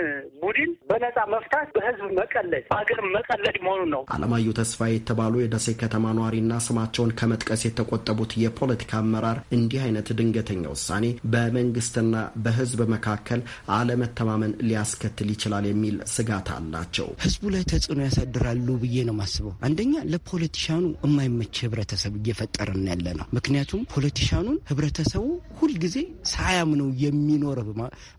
ቡድን በነጻ መፍታት በህዝብ መቀለድ በሀገር መቀለድ መሆኑን ነው። አለማየሁ ተስፋዬ የተባሉ የደሴ ከተማ ነዋሪና ስማቸውን ከመጥቀስ የተቆጠቡት የፖለቲካ አመራር እንዲህ አይነት ድንገተኛ ውሳኔ በመንግስትና በህዝብ መካከል አለመተማመን ሊያስከትል ይችላል የሚል ስጋት አላቸው። ህዝቡ ላይ ተጽዕኖ ያሳድራል አሉ ብዬ ነው ማስበው። አንደኛ ለፖለቲሻኑ የማይመች ህብረተሰብ እየፈጠርን ያለ ነው። ምክንያቱም ፖለቲሻኑን ህብረተሰቡ ሁልጊዜ ሳያምነው የሚኖር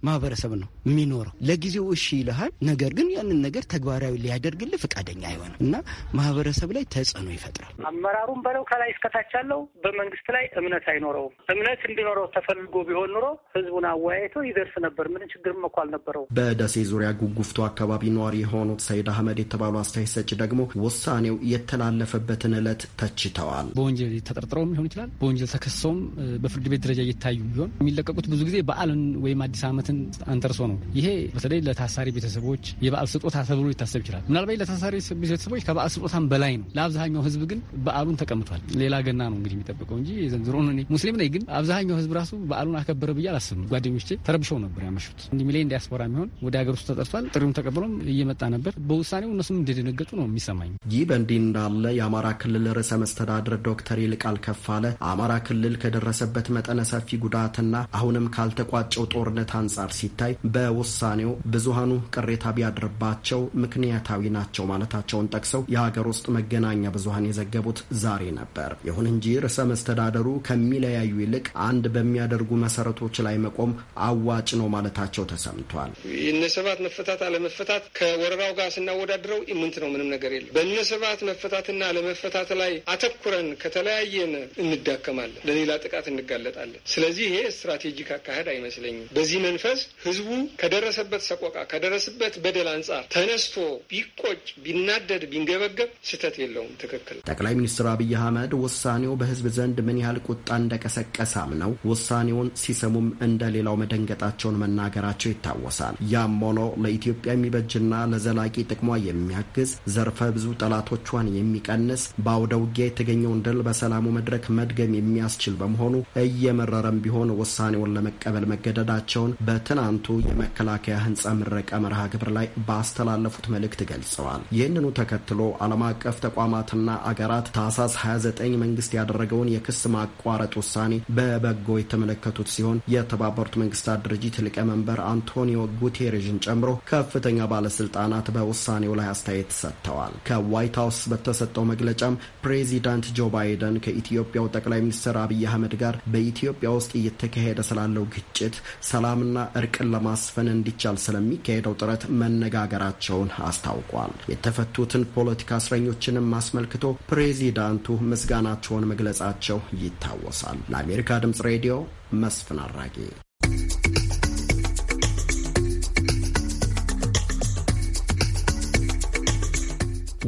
ማህበረሰብ ነው የሚኖረው። ለጊዜው እሺ ይልሃል፣ ነገር ግን ያንን ነገር ተግባራዊ ሊያደርግልህ ፈቃደኛ አይሆንም እና ማህበረሰብ ላይ ተጽዕኖ ይፈጥራል። አመራሩም በለው ከላይ እስከታች ያለው በመንግስት ላይ እምነት አይኖረውም። እምነት እንዲኖረው ተፈልጎ ቢሆን ኑሮ ህዝቡን አወያይቶ ይደርስ ነበር። ምንም ችግርም እኮ አልነበረውም። በደሴ ዙሪያ ጉጉፍቶ አካባቢ ነዋሪ የሆኑት ሰይድ አህመድ የተባሉ አስተያየት ፍች ደግሞ ውሳኔው የተላለፈበትን ዕለት ተችተዋል። በወንጀል ተጠርጥረውም ሊሆን ይችላል። በወንጀል ተከሰውም በፍርድ ቤት ደረጃ እየታዩ ቢሆን የሚለቀቁት ብዙ ጊዜ በዓልን ወይም አዲስ ዓመትን አንተርሶ ነው። ይሄ በተለይ ለታሳሪ ቤተሰቦች የበዓል ስጦታ ተብሎ ሊታሰብ ይችላል። ምናልባት ለታሳሪ ቤተሰቦች ከበዓል ስጦታም በላይ ነው። ለአብዛኛው ህዝብ ግን በዓሉን ተቀምቷል። ሌላ ገና ነው እንግዲህ የሚጠብቀው እንጂ ዘንድሮ እኔ ሙስሊም ነኝ፣ ግን አብዛኛው ህዝብ ራሱ በዓሉን አከበረ ብዬ አላስብም። ጓደኞቼ ተረብሸው ነበር ያመሹት። እንዲህ ሚሌ እንዲያስፈራ የሚሆን ወደ ሀገር ውስጥ ተጠርቷል። ጥሪውም ተቀብሎም እየመጣ ነበር። በውሳኔው እነሱም እንደደነገጡ ነው የሚሰማኝ። ይህ በእንዲህ እንዳለ የአማራ ክልል ርዕሰ መስተዳድር ዶክተር ይልቃል ከፋለ አማራ ክልል ከደረሰበት መጠነ ሰፊ ጉዳትና አሁንም ካልተቋጨው ጦርነት አንጻር ሲታይ በውሳኔው ብዙሃኑ ቅሬታ ቢያድርባቸው ምክንያታዊ ናቸው ማለታቸውን ጠቅሰው የሀገር ውስጥ መገናኛ ብዙሀን የዘገቡት ዛሬ ነበር። ይሁን እንጂ ርዕሰ መስተዳደሩ ከሚለያዩ ይልቅ አንድ በሚያደርጉ መሰረቶች ላይ መቆም አዋጭ ነው ማለታቸው ተሰምቷል። እነ ስብሀት መፈታት አለመፈታት ከወረራው ጋር ስናወዳድረው ምንት ነው ምንም ምንም ነገር የለም። በነስርዓት መፈታትና ለመፈታት ላይ አተኩረን ከተለያየን እንዳከማለን፣ ለሌላ ጥቃት እንጋለጣለን። ስለዚህ ይሄ ስትራቴጂክ አካሄድ አይመስለኝም። በዚህ መንፈስ ህዝቡ ከደረሰበት ሰቆቃ ከደረሰበት በደል አንጻር ተነስቶ ቢቆጭ፣ ቢናደድ፣ ቢንገበገብ ስህተት የለውም። ትክክል። ጠቅላይ ሚኒስትር አብይ አህመድ ውሳኔው በህዝብ ዘንድ ምን ያህል ቁጣ እንደቀሰቀሳም ነው ውሳኔውን ሲሰሙም እንደ ሌላው መደንገጣቸውን መናገራቸው ይታወሳል። ያም ሆኖ ለኢትዮጵያ የሚበጅና ለዘላቂ ጥቅሟ የሚያግዝ ዘርፈ ብዙ ጠላቶቿን የሚቀንስ በአውደ ውጊያ የተገኘውን ድል በሰላሙ መድረክ መድገም የሚያስችል በመሆኑ እየመረረም ቢሆን ውሳኔውን ለመቀበል መገደዳቸውን በትናንቱ የመከላከያ ህንጻ ምረቃ መርሃ ግብር ላይ ባስተላለፉት መልእክት ገልጸዋል። ይህንኑ ተከትሎ ዓለም አቀፍ ተቋማትና አገራት ታህሳስ 29 መንግስት ያደረገውን የክስ ማቋረጥ ውሳኔ በበጎ የተመለከቱት ሲሆን የተባበሩት መንግስታት ድርጅት ሊቀመንበር አንቶኒዮ ጉቴሬዥን ጨምሮ ከፍተኛ ባለስልጣናት በውሳኔው ላይ አስተያየት ሰጥተዋል። ሰጥተዋል። ከዋይት ሀውስ በተሰጠው መግለጫም ፕሬዚዳንት ጆ ባይደን ከኢትዮጵያው ጠቅላይ ሚኒስትር አብይ አህመድ ጋር በኢትዮጵያ ውስጥ እየተካሄደ ስላለው ግጭት ሰላምና እርቅን ለማስፈን እንዲቻል ስለሚካሄደው ጥረት መነጋገራቸውን አስታውቋል። የተፈቱትን ፖለቲካ እስረኞችንም አስመልክቶ ፕሬዚዳንቱ ምስጋናቸውን መግለጻቸው ይታወሳል። ለአሜሪካ ድምጽ ሬዲዮ መስፍን አራጌ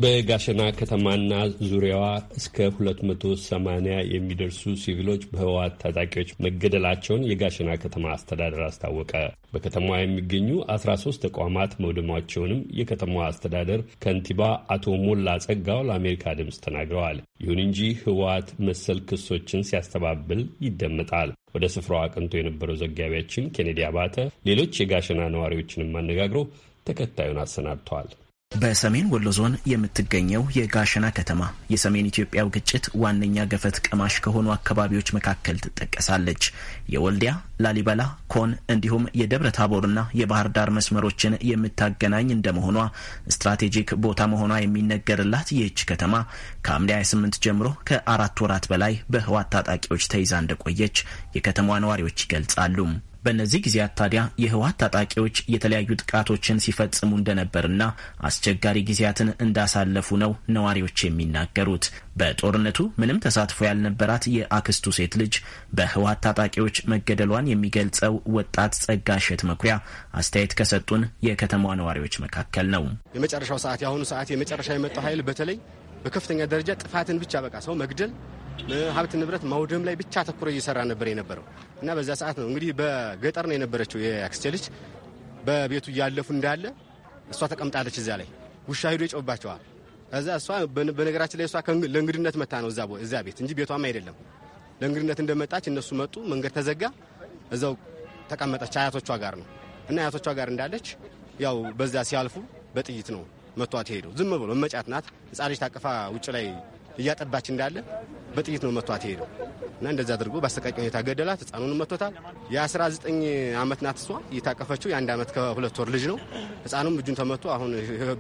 በጋሸና ከተማና ዙሪያዋ እስከ 280 የሚደርሱ ሲቪሎች በህወሓት ታጣቂዎች መገደላቸውን የጋሸና ከተማ አስተዳደር አስታወቀ። በከተማዋ የሚገኙ 13 ተቋማት መውደማቸውንም የከተማዋ አስተዳደር ከንቲባ አቶ ሞላ ጸጋው ለአሜሪካ ድምፅ ተናግረዋል። ይሁን እንጂ ህወሓት መሰል ክሶችን ሲያስተባብል ይደመጣል። ወደ ስፍራው አቅንቶ የነበረው ዘጋቢያችን ኬኔዲ አባተ ሌሎች የጋሸና ነዋሪዎችንም አነጋግሮ ተከታዩን አሰናድተዋል። በሰሜን ወሎ ዞን የምትገኘው የጋሸና ከተማ የሰሜን ኢትዮጵያው ግጭት ዋነኛ ገፈት ቀማሽ ከሆኑ አካባቢዎች መካከል ትጠቀሳለች። የወልዲያ ላሊበላ፣ ኮን እንዲሁም የደብረ ታቦርና የባህር ዳር መስመሮችን የምታገናኝ እንደመሆኗ ስትራቴጂክ ቦታ መሆኗ የሚነገርላት ይህች ከተማ ከሐምሌ 28 ጀምሮ ከአራት ወራት በላይ በህዋት ታጣቂዎች ተይዛ እንደቆየች የከተማዋ ነዋሪዎች ይገልጻሉ። በእነዚህ ጊዜያት ታዲያ የህወሀት ታጣቂዎች የተለያዩ ጥቃቶችን ሲፈጽሙ እንደነበርና አስቸጋሪ ጊዜያትን እንዳሳለፉ ነው ነዋሪዎች የሚናገሩት። በጦርነቱ ምንም ተሳትፎ ያልነበራት የአክስቱ ሴት ልጅ በህወሀት ታጣቂዎች መገደሏን የሚገልጸው ወጣት ጸጋ እሸት መኩሪያ አስተያየት ከሰጡን የከተማዋ ነዋሪዎች መካከል ነው። የመጨረሻው ሰዓት የአሁኑ ሰዓት የመጨረሻ የመጣው ኃይል በተለይ በከፍተኛ ደረጃ ጥፋትን ብቻ በቃ ሰው መግደል ሀብት ንብረት ማውደም ላይ ብቻ አተኩሮ እየሰራ ነበር የነበረው እና በዛ ሰዓት ነው እንግዲህ በገጠር ነው የነበረችው የአክስቴ ልጅ። በቤቱ እያለፉ እንዳለ እሷ ተቀምጣለች። እዛ ላይ ውሻ ሂዶ ይጨውባቸዋል ከዛ እሷ በነገራችን ላይ እሷ ለእንግድነት መታ ነው እዛ ቤት እንጂ ቤቷም አይደለም። ለእንግድነት እንደመጣች እነሱ መጡ፣ መንገድ ተዘጋ፣ እዛው ተቀመጠች አያቶቿ ጋር ነው እና አያቶቿ ጋር እንዳለች ያው በዛ ሲያልፉ በጥይት ነው መቷት ሄደው። ዝም ብሎ መጫት ናት። ሕፃን ልጅ ታቅፋ ውጭ ላይ እያጠባች እንዳለ በጥይት ነው መቷት የሄደው እና እንደዚህ አድርጎ በአሰቃቂ ሁኔታ ገደላት። ህፃኑን መቶታል። የ19 ዓመት ናት እሷ እየታቀፈችው የአንድ ዓመት ከሁለት ወር ልጅ ነው። ህፃኑም እጁን ተመቶ አሁን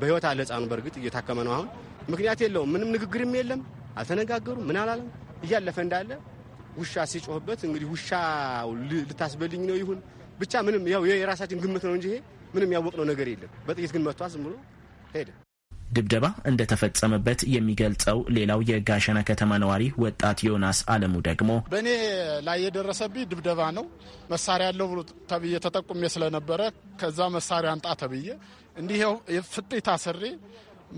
በህይወት አለ ህፃኑ። በእርግጥ እየታከመ ነው አሁን። ምክንያት የለውም ምንም ንግግርም የለም። አልተነጋገሩም። ምን አላለም። እያለፈ እንዳለ ውሻ ሲጮህበት እንግዲህ ውሻ ልታስበልኝ ነው ይሁን ብቻ ምንም ያው የራሳችን ግምት ነው እንጂ ይሄ ምንም ያወቅነው ነገር የለም። በጥይት ግን መቷ ዝም ብሎ ሄደ። ድብደባ እንደተፈጸመበት የሚገልጸው ሌላው የጋሸና ከተማ ነዋሪ ወጣት ዮናስ አለሙ ደግሞ በእኔ ላይ የደረሰብኝ ድብደባ ነው። መሳሪያ ያለው ብሎ ተብዬ ተጠቁሜ ስለነበረ ከዛ መሳሪያ አንጣ ተብዬ እንዲህ ፍጥኝ ታስሬ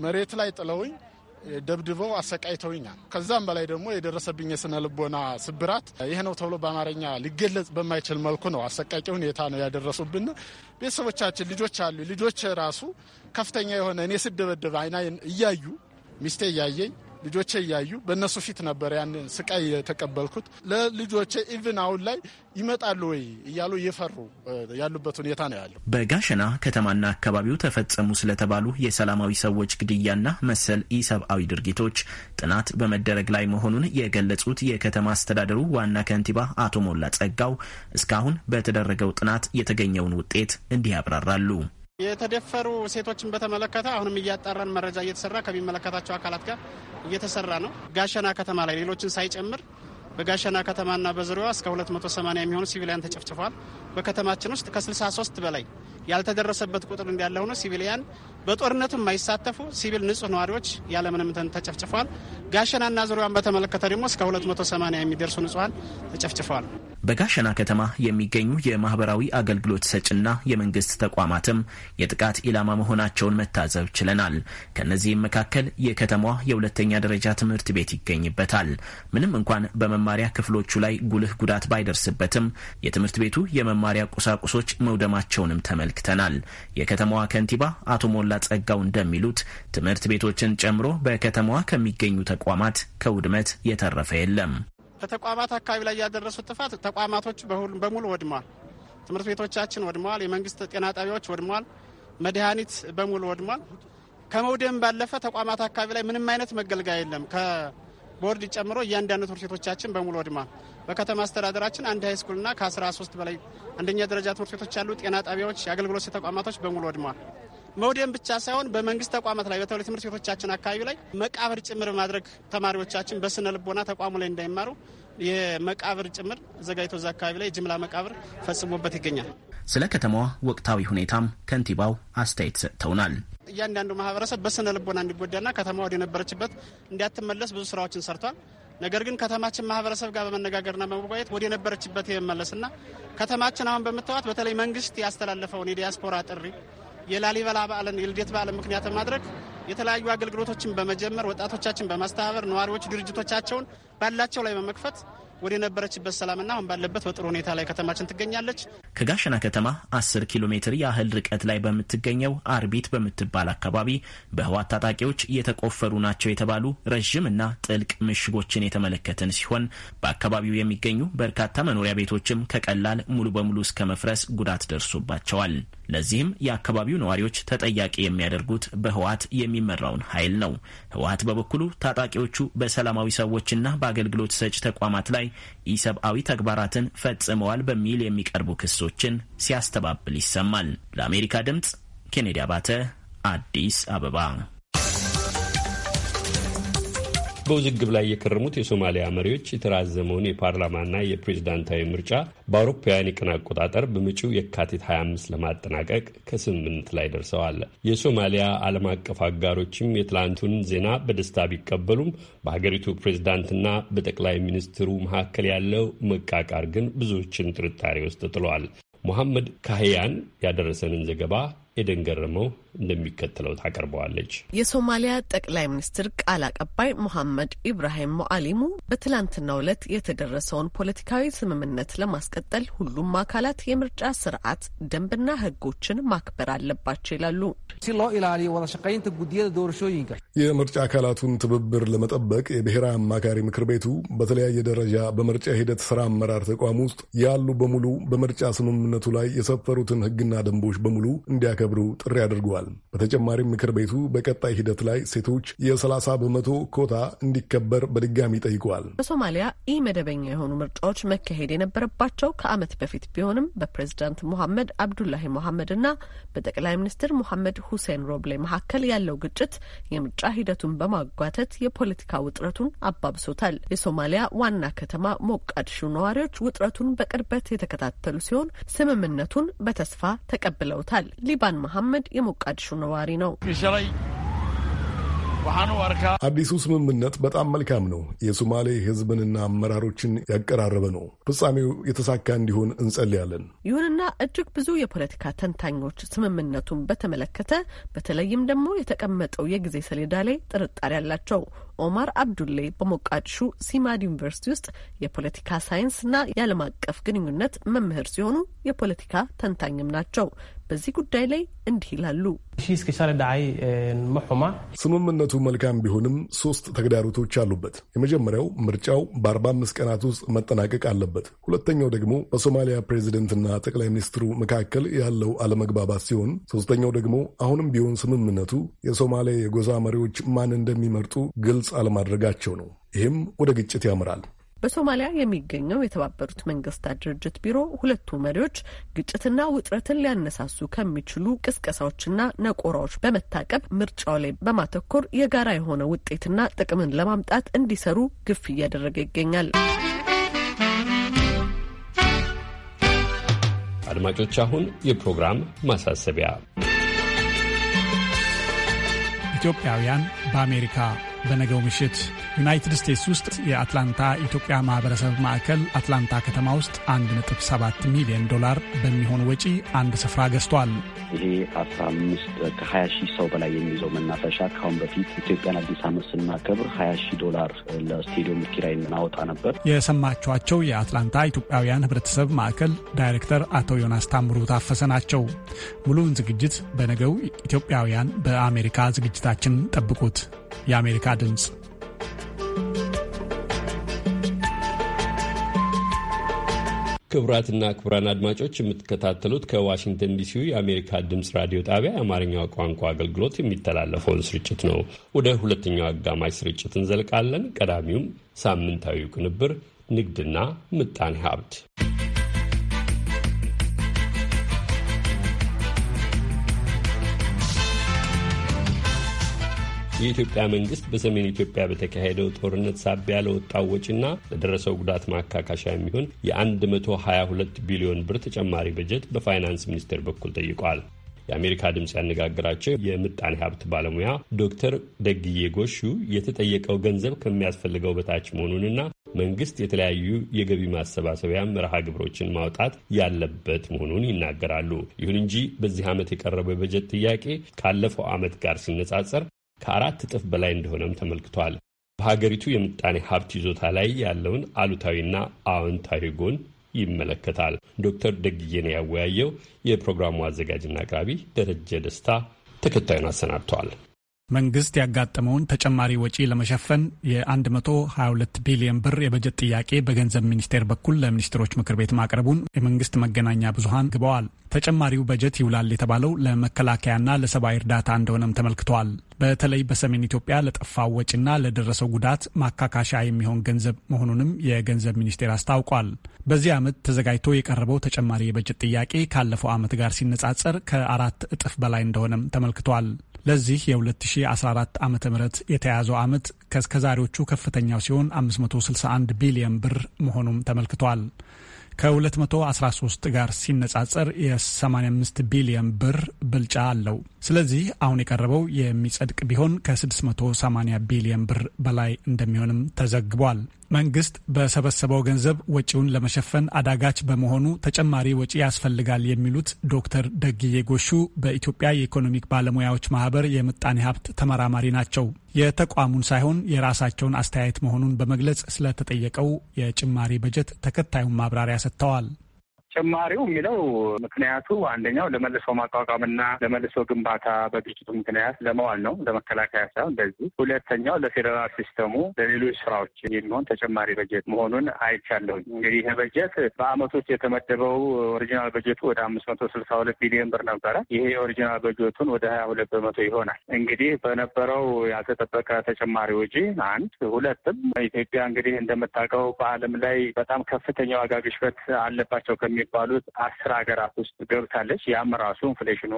መሬት ላይ ጥለውኝ ደብድበው አሰቃይተውኛል። ከዛም በላይ ደግሞ የደረሰብኝ የስነ ልቦና ስብራት ይህ ነው ተብሎ በአማርኛ ሊገለጽ በማይችል መልኩ ነው አሰቃቂ ሁኔታ ነው ያደረሱብን። ቤተሰቦቻችን ልጆች አሉ። ልጆች ራሱ ከፍተኛ የሆነ እኔ ስደበደበ አይና እያዩ ሚስቴ እያየኝ ልጆቼ እያዩ በእነሱ ፊት ነበር ያን ስቃይ የተቀበልኩት። ለልጆቼ ኢቭን አሁን ላይ ይመጣሉ ወይ እያሉ እየፈሩ ያሉበት ሁኔታ ነው ያለው። በጋሸና ከተማና አካባቢው ተፈጸሙ ስለተባሉ የሰላማዊ ሰዎች ግድያና መሰል ኢሰብአዊ ድርጊቶች ጥናት በመደረግ ላይ መሆኑን የገለጹት የከተማ አስተዳደሩ ዋና ከንቲባ አቶ ሞላ ጸጋው እስካሁን በተደረገው ጥናት የተገኘውን ውጤት እንዲህ ያብራራሉ። የተደፈሩ ሴቶችን በተመለከተ አሁንም እያጣራን መረጃ እየተሰራ ከሚመለከታቸው አካላት ጋር እየተሰራ ነው። ጋሸና ከተማ ላይ ሌሎችን ሳይጨምር በጋሸና ከተማና በዙሪያዋ እስከ 280 የሚሆኑ ሲቪሊያን ተጨፍጭፏል። በከተማችን ውስጥ ከ63 በላይ ያልተደረሰበት ቁጥር እንዳለ ሆኖ ሲቪሊያን በጦርነቱ የማይሳተፉ ሲቪል ንጹህ ነዋሪዎች ያለምንም እንትን ተጨፍጭፈዋል። ጋሸናና ዙሪያዋን በተመለከተ ደግሞ እስከ 280 የሚደርሱ ንጹሐን ተጨፍጭፈዋል። በጋሸና ከተማ የሚገኙ የማህበራዊ አገልግሎት ሰጭና የመንግስት ተቋማትም የጥቃት ኢላማ መሆናቸውን መታዘብ ችለናል። ከእነዚህም መካከል የከተማዋ የሁለተኛ ደረጃ ትምህርት ቤት ይገኝበታል። ምንም እንኳን በመማሪያ ክፍሎቹ ላይ ጉልህ ጉዳት ባይደርስበትም የትምህርት ቤቱ የመማሪያ ቁሳቁሶች መውደማቸውንም ተመልክተናል። የከተማዋ ከንቲባ አቶ ሞላ ሞላ ጸጋው እንደሚሉት ትምህርት ቤቶችን ጨምሮ በከተማዋ ከሚገኙ ተቋማት ከውድመት የተረፈ የለም። በተቋማት አካባቢ ላይ ያደረሱት ጥፋት ተቋማቶች በሙሉ ወድመዋል። ትምህርት ቤቶቻችን ወድመዋል። የመንግስት ጤና ጣቢያዎች ወድመዋል። መድኃኒት በሙሉ ወድሟል። ከመውደም ባለፈ ተቋማት አካባቢ ላይ ምንም አይነት መገልገያ የለም። ከቦርድ ጨምሮ እያንዳንዱ ትምህርት ቤቶቻችን በሙሉ ወድሟል። በከተማ አስተዳደራችን አንድ ሃይስኩልና ከ13 በላይ አንደኛ ደረጃ ትምህርት ቤቶች ያሉ ጤና ጣቢያዎች፣ የአገልግሎት ተቋማቶች በሙሉ ወድመዋል። መውደም ብቻ ሳይሆን በመንግስት ተቋማት ላይ በተለይ ትምህርት ቤቶቻችን አካባቢ ላይ መቃብር ጭምር ማድረግ ተማሪዎቻችን በስነ ልቦና ተቋሙ ላይ እንዳይማሩ የመቃብር ጭምር ዘጋጅቶ እዛ አካባቢ ላይ ጅምላ መቃብር ፈጽሞበት ይገኛል። ስለ ከተማዋ ወቅታዊ ሁኔታም ከንቲባው አስተያየት ሰጥተውናል። እያንዳንዱ ማህበረሰብ በስነ ልቦና እንዲጎዳና ከተማ ወደ ነበረችበት እንዲያትመለስ ብዙ ስራዎችን ሰርቷል። ነገር ግን ከተማችን ማህበረሰብ ጋር በመነጋገርና በመጓየት ወደ ነበረችበት የመመለስና ከተማችን አሁን በምታዋት በተለይ መንግስት ያስተላለፈውን የዲያስፖራ ጥሪ የላሊበላ በዓልን የልደት በዓልን ምክንያት በማድረግ የተለያዩ አገልግሎቶችን በመጀመር ወጣቶቻችን በማስተባበር ነዋሪዎች ድርጅቶቻቸውን ባላቸው ላይ በመክፈት ወደ ነበረችበት ሰላምና አሁን ባለበት በጥሩ ሁኔታ ላይ ከተማችን ትገኛለች። ከጋሸና ከተማ 10 ኪሎ ሜትር ያህል ርቀት ላይ በምትገኘው አርቢት በምትባል አካባቢ በህዋት ታጣቂዎች እየተቆፈሩ ናቸው የተባሉ ረዥምና ጥልቅ ምሽጎችን የተመለከትን ሲሆን በአካባቢው የሚገኙ በርካታ መኖሪያ ቤቶችም ከቀላል ሙሉ በሙሉ እስከ መፍረስ ጉዳት ደርሶባቸዋል። ለዚህም የአካባቢው ነዋሪዎች ተጠያቂ የሚያደርጉት በህወሓት የሚመራውን ኃይል ነው። ህወሓት በበኩሉ ታጣቂዎቹ በሰላማዊ ሰዎችና በአገልግሎት ሰጪ ተቋማት ላይ ኢሰብአዊ ተግባራትን ፈጽመዋል በሚል የሚቀርቡ ክሶችን ሲያስተባብል ይሰማል። ለአሜሪካ ድምጽ ኬኔዲ አባተ አዲስ አበባ በውዝግብ ላይ የከረሙት የሶማሊያ መሪዎች የተራዘመውን የፓርላማና የፕሬዝዳንታዊ ምርጫ በአውሮፓውያን የቀን አቆጣጠር በመጪው የካቲት 25 ለማጠናቀቅ ከስምምነት ላይ ደርሰዋል። የሶማሊያ ዓለም አቀፍ አጋሮችም የትላንቱን ዜና በደስታ ቢቀበሉም በሀገሪቱ ፕሬዝዳንትና በጠቅላይ ሚኒስትሩ መካከል ያለው መቃቃር ግን ብዙዎችን ጥርጣሬ ውስጥ ጥሏል። ሙሐመድ ካህያን ያደረሰንን ዘገባ ኤደን ገረመው እንደሚከተለው ታቀርበዋለች። የሶማሊያ ጠቅላይ ሚኒስትር ቃል አቀባይ ሙሐመድ ኢብራሂም ሞአሊሙ በትላንትናው ዕለት የተደረሰውን ፖለቲካዊ ስምምነት ለማስቀጠል ሁሉም አካላት የምርጫ ስርዓት ደንብና ሕጎችን ማክበር አለባቸው ይላሉ። የምርጫ አካላቱን ትብብር ለመጠበቅ የብሔራዊ አማካሪ ምክር ቤቱ በተለያየ ደረጃ በምርጫ ሂደት ስራ አመራር ተቋም ውስጥ ያሉ በሙሉ በምርጫ ስምምነቱ ላይ የሰፈሩትን ሕግና ደንቦች በሙሉ እንዲያ እንዲያከብሩ ጥሪ አድርገዋል። በተጨማሪም ምክር ቤቱ በቀጣይ ሂደት ላይ ሴቶች የ30 በመቶ ኮታ እንዲከበር በድጋሚ ጠይቀዋል። በሶማሊያ ኢ መደበኛ የሆኑ ምርጫዎች መካሄድ የነበረባቸው ከዓመት በፊት ቢሆንም በፕሬዝዳንት ሙሐመድ አብዱላሂ እና በጠቅላይ ሚኒስትር ሙሐመድ ሁሴን ሮብሌ መካከል ያለው ግጭት የምርጫ ሂደቱን በማጓተት የፖለቲካ ውጥረቱን አባብሶታል። የሶማሊያ ዋና ከተማ ሞቃዲሾ ነዋሪዎች ውጥረቱን በቅርበት የተከታተሉ ሲሆን ስምምነቱን በተስፋ ተቀብለውታል። ሊባ ሱልጣን መሐመድ የሞቃዲሹ ነዋሪ ነው። አዲሱ ስምምነት በጣም መልካም ነው። የሶማሌ ሕዝብንና አመራሮችን ያቀራረበ ነው። ፍጻሜው የተሳካ እንዲሆን እንጸልያለን። ይሁንና እጅግ ብዙ የፖለቲካ ተንታኞች ስምምነቱን በተመለከተ በተለይም ደግሞ የተቀመጠው የጊዜ ሰሌዳ ላይ ጥርጣሬ አላቸው። ኦማር አብዱሌ በሞቃዲሹ ሲማድ ዩኒቨርሲቲ ውስጥ የፖለቲካ ሳይንስና የዓለም አቀፍ ግንኙነት መምህር ሲሆኑ የፖለቲካ ተንታኝም ናቸው። በዚህ ጉዳይ ላይ እንዲህ ይላሉ። ስምምነቱ መልካም ቢሆንም ሶስት ተግዳሮቶች አሉበት። የመጀመሪያው ምርጫው በ45 ቀናት ውስጥ መጠናቀቅ አለበት። ሁለተኛው ደግሞ በሶማሊያ ፕሬዚደንትና ጠቅላይ ሚኒስትሩ መካከል ያለው አለመግባባት ሲሆን፣ ሶስተኛው ደግሞ አሁንም ቢሆን ስምምነቱ የሶማሊያ የጎሳ መሪዎች ማን እንደሚመርጡ ግልጽ አለማድረጋቸው ነው። ይህም ወደ ግጭት ያምራል። በሶማሊያ የሚገኘው የተባበሩት መንግስታት ድርጅት ቢሮ ሁለቱ መሪዎች ግጭትና ውጥረትን ሊያነሳሱ ከሚችሉ ቅስቀሳዎችና ነቆራዎች በመታቀብ ምርጫው ላይ በማተኮር የጋራ የሆነ ውጤትና ጥቅምን ለማምጣት እንዲሰሩ ግፍ እያደረገ ይገኛል። አድማጮች፣ አሁን የፕሮግራም ማሳሰቢያ። ኢትዮጵያውያን በአሜሪካ በነገው ምሽት ዩናይትድ ስቴትስ ውስጥ የአትላንታ ኢትዮጵያ ማህበረሰብ ማዕከል አትላንታ ከተማ ውስጥ 1.7 ሚሊዮን ዶላር በሚሆን ወጪ አንድ ስፍራ ገዝቷል። ይሄ 15 ከ20 ሺህ ሰው በላይ የሚይዘው መናፈሻ ከአሁን በፊት ኢትዮጵያን አዲስ ዓመት ስናከብር 20 ሺህ ዶላር ለስቴዲየም ኪራይ እናወጣ ነበር። የሰማችኋቸው የአትላንታ ኢትዮጵያውያን ህብረተሰብ ማዕከል ዳይሬክተር አቶ ዮናስ ታምሩ ታፈሰ ናቸው። ሙሉውን ዝግጅት በነገው ኢትዮጵያውያን በአሜሪካ ዝግጅታችን ጠብቁት። የአሜሪካ ድምፅ ክቡራትና ክቡራን አድማጮች የምትከታተሉት ከዋሽንግተን ዲሲ የአሜሪካ ድምፅ ራዲዮ ጣቢያ የአማርኛው ቋንቋ አገልግሎት የሚተላለፈውን ስርጭት ነው። ወደ ሁለተኛው አጋማሽ ስርጭት እንዘልቃለን። ቀዳሚውም ሳምንታዊ ቅንብር ንግድና ምጣኔ ሀብት የኢትዮጵያ መንግስት በሰሜን ኢትዮጵያ በተካሄደው ጦርነት ሳቢያ ለወጣው ወጪና ለደረሰው ጉዳት ማካካሻ የሚሆን የ122 ቢሊዮን ብር ተጨማሪ በጀት በፋይናንስ ሚኒስቴር በኩል ጠይቋል። የአሜሪካ ድምፅ ያነጋግራቸው የምጣኔ ሀብት ባለሙያ ዶክተር ደግዬ ጎሹ የተጠየቀው ገንዘብ ከሚያስፈልገው በታች መሆኑንና መንግስት የተለያዩ የገቢ ማሰባሰቢያ መርሃ ግብሮችን ማውጣት ያለበት መሆኑን ይናገራሉ። ይሁን እንጂ በዚህ ዓመት የቀረበው የበጀት ጥያቄ ካለፈው ዓመት ጋር ሲነጻጸር ከአራት እጥፍ በላይ እንደሆነም ተመልክቷል። በሀገሪቱ የምጣኔ ሀብት ይዞታ ላይ ያለውን አሉታዊና አዎንታዊ ጎን ይመለከታል። ዶክተር ደግዬን ያወያየው የፕሮግራሙ አዘጋጅና አቅራቢ ደረጀ ደስታ ተከታዩን አሰናድተዋል። መንግስት ያጋጠመውን ተጨማሪ ወጪ ለመሸፈን የ122 ቢሊዮን ብር የበጀት ጥያቄ በገንዘብ ሚኒስቴር በኩል ለሚኒስትሮች ምክር ቤት ማቅረቡን የመንግስት መገናኛ ብዙሃን ግበዋል። ተጨማሪው በጀት ይውላል የተባለው ለመከላከያና ለሰብአዊ እርዳታ እንደሆነም ተመልክተዋል። በተለይ በሰሜን ኢትዮጵያ ለጠፋው ወጪና ለደረሰው ጉዳት ማካካሻ የሚሆን ገንዘብ መሆኑንም የገንዘብ ሚኒስቴር አስታውቋል። በዚህ ዓመት ተዘጋጅቶ የቀረበው ተጨማሪ የበጀት ጥያቄ ካለፈው ዓመት ጋር ሲነጻጸር ከአራት እጥፍ በላይ እንደሆነም ተመልክቷል። ለዚህ የ2014 ዓ ም የተያዘው ዓመት ከእስከዛሬዎቹ ከፍተኛው ሲሆን 561 ቢሊዮን ብር መሆኑም ተመልክቷል። ከ213 ጋር ሲነጻጸር የ85 ቢሊዮን ብር ብልጫ አለው። ስለዚህ አሁን የቀረበው የሚጸድቅ ቢሆን ከ680 ቢሊዮን ብር በላይ እንደሚሆንም ተዘግቧል። መንግስት በሰበሰበው ገንዘብ ወጪውን ለመሸፈን አዳጋች በመሆኑ ተጨማሪ ወጪ ያስፈልጋል የሚሉት ዶክተር ደግዬ ጎሹ በኢትዮጵያ የኢኮኖሚክ ባለሙያዎች ማህበር የምጣኔ ሀብት ተመራማሪ ናቸው። የተቋሙን ሳይሆን የራሳቸውን አስተያየት መሆኑን በመግለጽ ስለተጠየቀው የጭማሪ በጀት ተከታዩን ማብራሪያ ሰጥተዋል። ጭማሪው የሚለው ምክንያቱ አንደኛው ለመልሶ ማቋቋምና ለመልሶ ግንባታ በግጭቱ ምክንያት ለመዋል ነው፣ ለመከላከያ ሳይሆን በዚህ። ሁለተኛው ለፌዴራል ሲስተሙ ለሌሎች ስራዎች የሚሆን ተጨማሪ በጀት መሆኑን አይቻለሁኝ። እንግዲህ ይህ በጀት በአመት ውስጥ የተመደበው ኦሪጂናል በጀቱ ወደ አምስት መቶ ስልሳ ሁለት ቢሊዮን ብር ነበረ። ይሄ ኦሪጂናል በጀቱን ወደ ሀያ ሁለት በመቶ ይሆናል። እንግዲህ በነበረው ያልተጠበቀ ተጨማሪ ወጪ አንድ፣ ሁለትም ኢትዮጵያ እንግዲህ እንደምታውቀው በዓለም ላይ በጣም ከፍተኛ ዋጋ ግሽበት አለባቸው ከሚ የሚባሉት አስር ሀገራት ውስጥ ገብታለች። ያም ራሱ ኢንፍሌሽኑ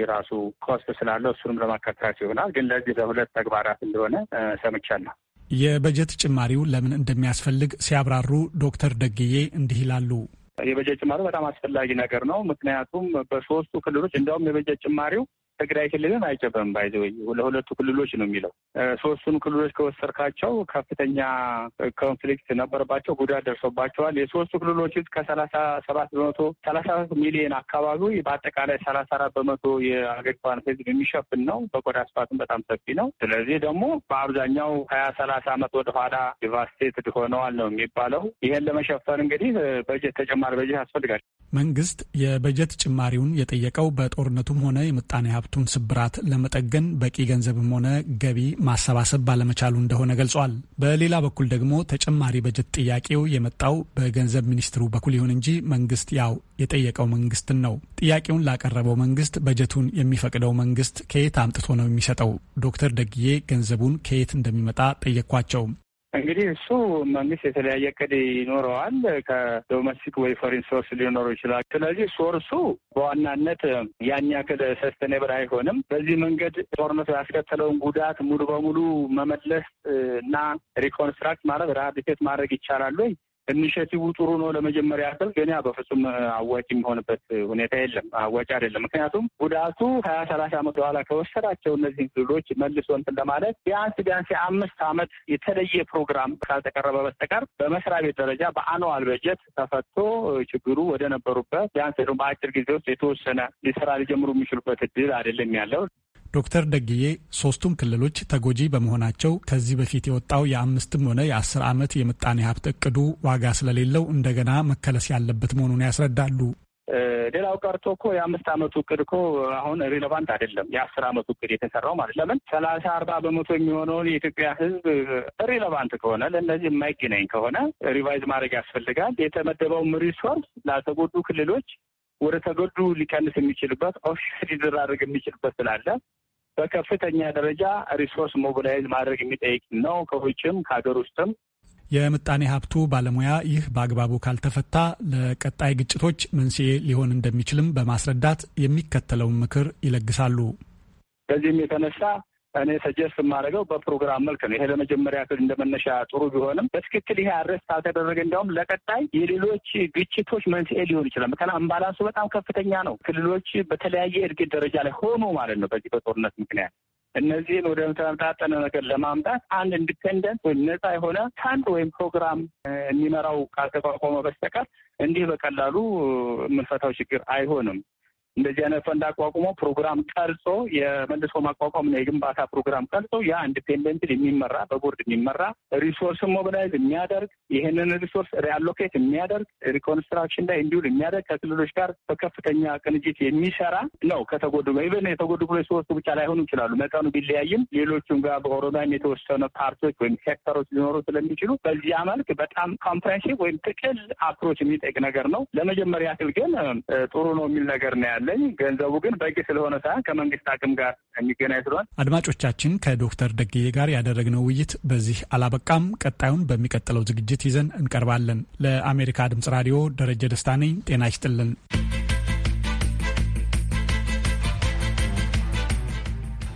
የራሱ ኮስት ስላለው እሱንም ለማካካስ ይሆናል። ግን ለዚህ ለሁለት ተግባራት እንደሆነ ሰምቻለሁ። የበጀት ጭማሪው ለምን እንደሚያስፈልግ ሲያብራሩ ዶክተር ደግዬ እንዲህ ይላሉ። የበጀት ጭማሪው በጣም አስፈላጊ ነገር ነው። ምክንያቱም በሶስቱ ክልሎች እንዲያውም የበጀት ጭማሪው ትግራይ ክልልን አይጨበም ባይዘ ወይ ለሁለቱ ክልሎች ነው የሚለው። ሶስቱን ክልሎች ከወሰድካቸው ከፍተኛ ኮንፍሊክት ነበረባቸው፣ ጉዳት ደርሶባቸዋል። የሶስቱ ክልሎች ውስጥ ከሰላሳ ሰባት በመቶ ሰላሳ ሚሊዮን አካባቢ በአጠቃላይ ሰላሳ አራት በመቶ የአገሪቷን ህዝብ የሚሸፍን ነው። በቆዳ ስፋትም በጣም ሰፊ ነው። ስለዚህ ደግሞ በአብዛኛው ሀያ ሰላሳ ዓመት ወደኋላ ዲቫስቴትድ ሆነዋል ነው የሚባለው። ይህን ለመሸፈን እንግዲህ በጀት ተጨማሪ በጀት ያስፈልጋል። መንግስት የበጀት ጭማሪውን የጠየቀው በጦርነቱም ሆነ የምጣኔ ሀብቱን ስብራት ለመጠገን በቂ ገንዘብም ሆነ ገቢ ማሰባሰብ ባለመቻሉ እንደሆነ ገልጿል። በሌላ በኩል ደግሞ ተጨማሪ በጀት ጥያቄው የመጣው በገንዘብ ሚኒስትሩ በኩል ይሁን እንጂ መንግስት ያው የጠየቀው መንግስትን ነው። ጥያቄውን ላቀረበው መንግስት በጀቱን የሚፈቅደው መንግስት ከየት አምጥቶ ነው የሚሰጠው? ዶክተር ደግዬ ገንዘቡን ከየት እንደሚመጣ ጠየኳቸው። እንግዲህ እሱ መንግስት የተለያየ እቅድ ይኖረዋል። ከዶሜስቲክ ወይ ፎሪን ሶርስ ሊኖረው ይችላል። ስለዚህ ሶርሱ በዋናነት ያን ያክል ሰስተኔብል አይሆንም። በዚህ መንገድ ጦርነቱ ያስከተለውን ጉዳት ሙሉ በሙሉ መመለስ እና ሪኮንስትራክት ማለት ራዲኬት ማድረግ ይቻላል ወይ? ኢኒሽቲቭ ጥሩ ነው ለመጀመሪያ ያክል ግን ያ በፍጹም አዋጭ የሚሆንበት ሁኔታ የለም። አዋጭ አይደለም። ምክንያቱም ጉዳቱ ሀያ ሰላሳ ዓመት በኋላ ከወሰዳቸው እነዚህን ክልሎች መልሶ እንትን ለማለት ቢያንስ ቢያንስ የአምስት ዓመት የተለየ ፕሮግራም ካልተቀረበ በስተቀር በመስሪያ ቤት ደረጃ በአኑዋል በጀት ተፈቶ ችግሩ ወደ ነበሩበት ቢያንስ በአጭር ጊዜ ውስጥ የተወሰነ ስራ ሊጀምሩ የሚችሉበት እድል አይደለም ያለው። ዶክተር ደግዬ ሶስቱም ክልሎች ተጎጂ በመሆናቸው ከዚህ በፊት የወጣው የአምስትም ሆነ የአስር ዓመት የምጣኔ ሀብት እቅዱ ዋጋ ስለሌለው እንደገና መከለስ ያለበት መሆኑን ያስረዳሉ። ሌላው ቀርቶ እኮ የአምስት ዓመቱ እቅድ እኮ አሁን ሪሌቫንት አይደለም። የአስር ዓመቱ እቅድ የተሰራው ማለት ለምን ሰላሳ አርባ በመቶ የሚሆነውን የኢትዮጵያ ሕዝብ ሪሌቫንት ከሆነ ለእነዚህ የማይገናኝ ከሆነ ሪቫይዝ ማድረግ ያስፈልጋል። የተመደበውም ሪሶርስ ላልተጎዱ ክልሎች ወደ ተጎዱ ሊቀንስ የሚችልበት ኦፍሽት ሊደራረግ የሚችልበት ስላለ በከፍተኛ ደረጃ ሪሶርስ ሞቢላይዝ ማድረግ የሚጠይቅ ነው ከውጭም ከሀገር ውስጥም። የምጣኔ ሀብቱ ባለሙያ ይህ በአግባቡ ካልተፈታ ለቀጣይ ግጭቶች መንስኤ ሊሆን እንደሚችልም በማስረዳት የሚከተለውን ምክር ይለግሳሉ። በዚህም የተነሳ እኔ ሰጀስት የማደርገው በፕሮግራም መልክ ነው። ይሄ ለመጀመሪያ ክል እንደመነሻ ጥሩ ቢሆንም በትክክል ይሄ አድረስ ካልተደረገ እንዲያውም ለቀጣይ የሌሎች ግጭቶች መንስኤ ሊሆን ይችላል። ምክንያ አምባላንሱ በጣም ከፍተኛ ነው። ክልሎች በተለያየ እድገት ደረጃ ላይ ሆኖ ማለት ነው በዚህ በጦርነት ምክንያት እነዚህን ወደ ተመጣጠነ ነገር ለማምጣት አንድ ኢንዲፔንደንት ወይም ነጻ የሆነ አንድ ወይም ፕሮግራም የሚመራው ካልተቋቋመ በስተቀር እንዲህ በቀላሉ የምንፈታው ችግር አይሆንም። እንደዚህ አይነት ፈንድ አቋቁሞ ፕሮግራም ቀርጾ የመልሶ ማቋቋም ማቋቋምና የግንባታ ፕሮግራም ቀርጾ ያ ኢንዲፔንደንት የሚመራ በቦርድ የሚመራ ሪሶርስ ሞቢላይዝ የሚያደርግ ይህንን ሪሶርስ ሪአሎኬት የሚያደርግ ሪኮንስትራክሽን ላይ እንዲውል የሚያደርግ ከክልሎች ጋር በከፍተኛ ቅንጅት የሚሰራ ነው። ከተጎዱ ኢቨን የተጎዱ ክልሎች ሶስቱ ብቻ ላይሆኑ ይችላሉ። መጠኑ ቢለያይም ሌሎቹም ጋር በኦሮሚያም የተወሰነ ፓርቲዎች ወይም ሴክተሮች ሊኖሩ ስለሚችሉ በዚያ መልክ በጣም ኮምፕሬንሲቭ ወይም ጥቅል አፕሮች የሚጠይቅ ነገር ነው። ለመጀመሪያ ያክል ግን ጥሩ ነው የሚል ነገር ነው ያለ አለኝ። ገንዘቡ ግን በቂ ስለሆነ ሳይሆን ከመንግስት አቅም ጋር የሚገናኝ ስለሆነ አድማጮቻችን ከዶክተር ደግዬ ጋር ያደረግነው ውይይት በዚህ አላበቃም። ቀጣዩን በሚቀጥለው ዝግጅት ይዘን እንቀርባለን። ለአሜሪካ ድምጽ ራዲዮ ደረጀ ደስታ ነኝ። ጤና ይስጥልን።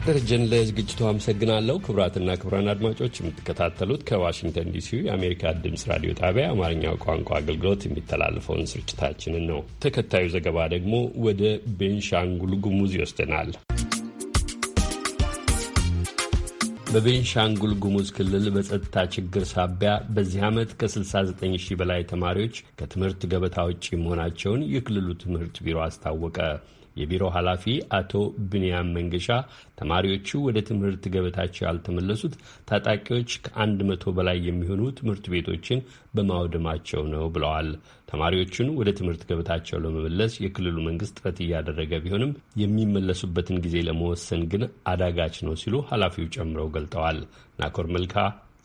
ደረጀን ለዝግጅቱ አመሰግናለሁ። ክቡራትና ክቡራን አድማጮች የምትከታተሉት ከዋሽንግተን ዲሲ የአሜሪካ ድምፅ ራዲዮ ጣቢያ አማርኛው ቋንቋ አገልግሎት የሚተላለፈውን ስርጭታችንን ነው። ተከታዩ ዘገባ ደግሞ ወደ ቤንሻንጉል ጉሙዝ ይወስደናል። በቤንሻንጉል ጉሙዝ ክልል በጸጥታ ችግር ሳቢያ በዚህ ዓመት ከ69 ሺህ በላይ ተማሪዎች ከትምህርት ገበታ ውጪ መሆናቸውን የክልሉ ትምህርት ቢሮ አስታወቀ። የቢሮ ኃላፊ አቶ ብንያም መንገሻ ተማሪዎቹ ወደ ትምህርት ገበታቸው ያልተመለሱት ታጣቂዎች ከአንድ መቶ በላይ የሚሆኑ ትምህርት ቤቶችን በማውደማቸው ነው ብለዋል። ተማሪዎቹን ወደ ትምህርት ገበታቸው ለመመለስ የክልሉ መንግስት ጥረት እያደረገ ቢሆንም የሚመለሱበትን ጊዜ ለመወሰን ግን አዳጋች ነው ሲሉ ኃላፊው ጨምረው ገልጠዋል። ናኮር መልካ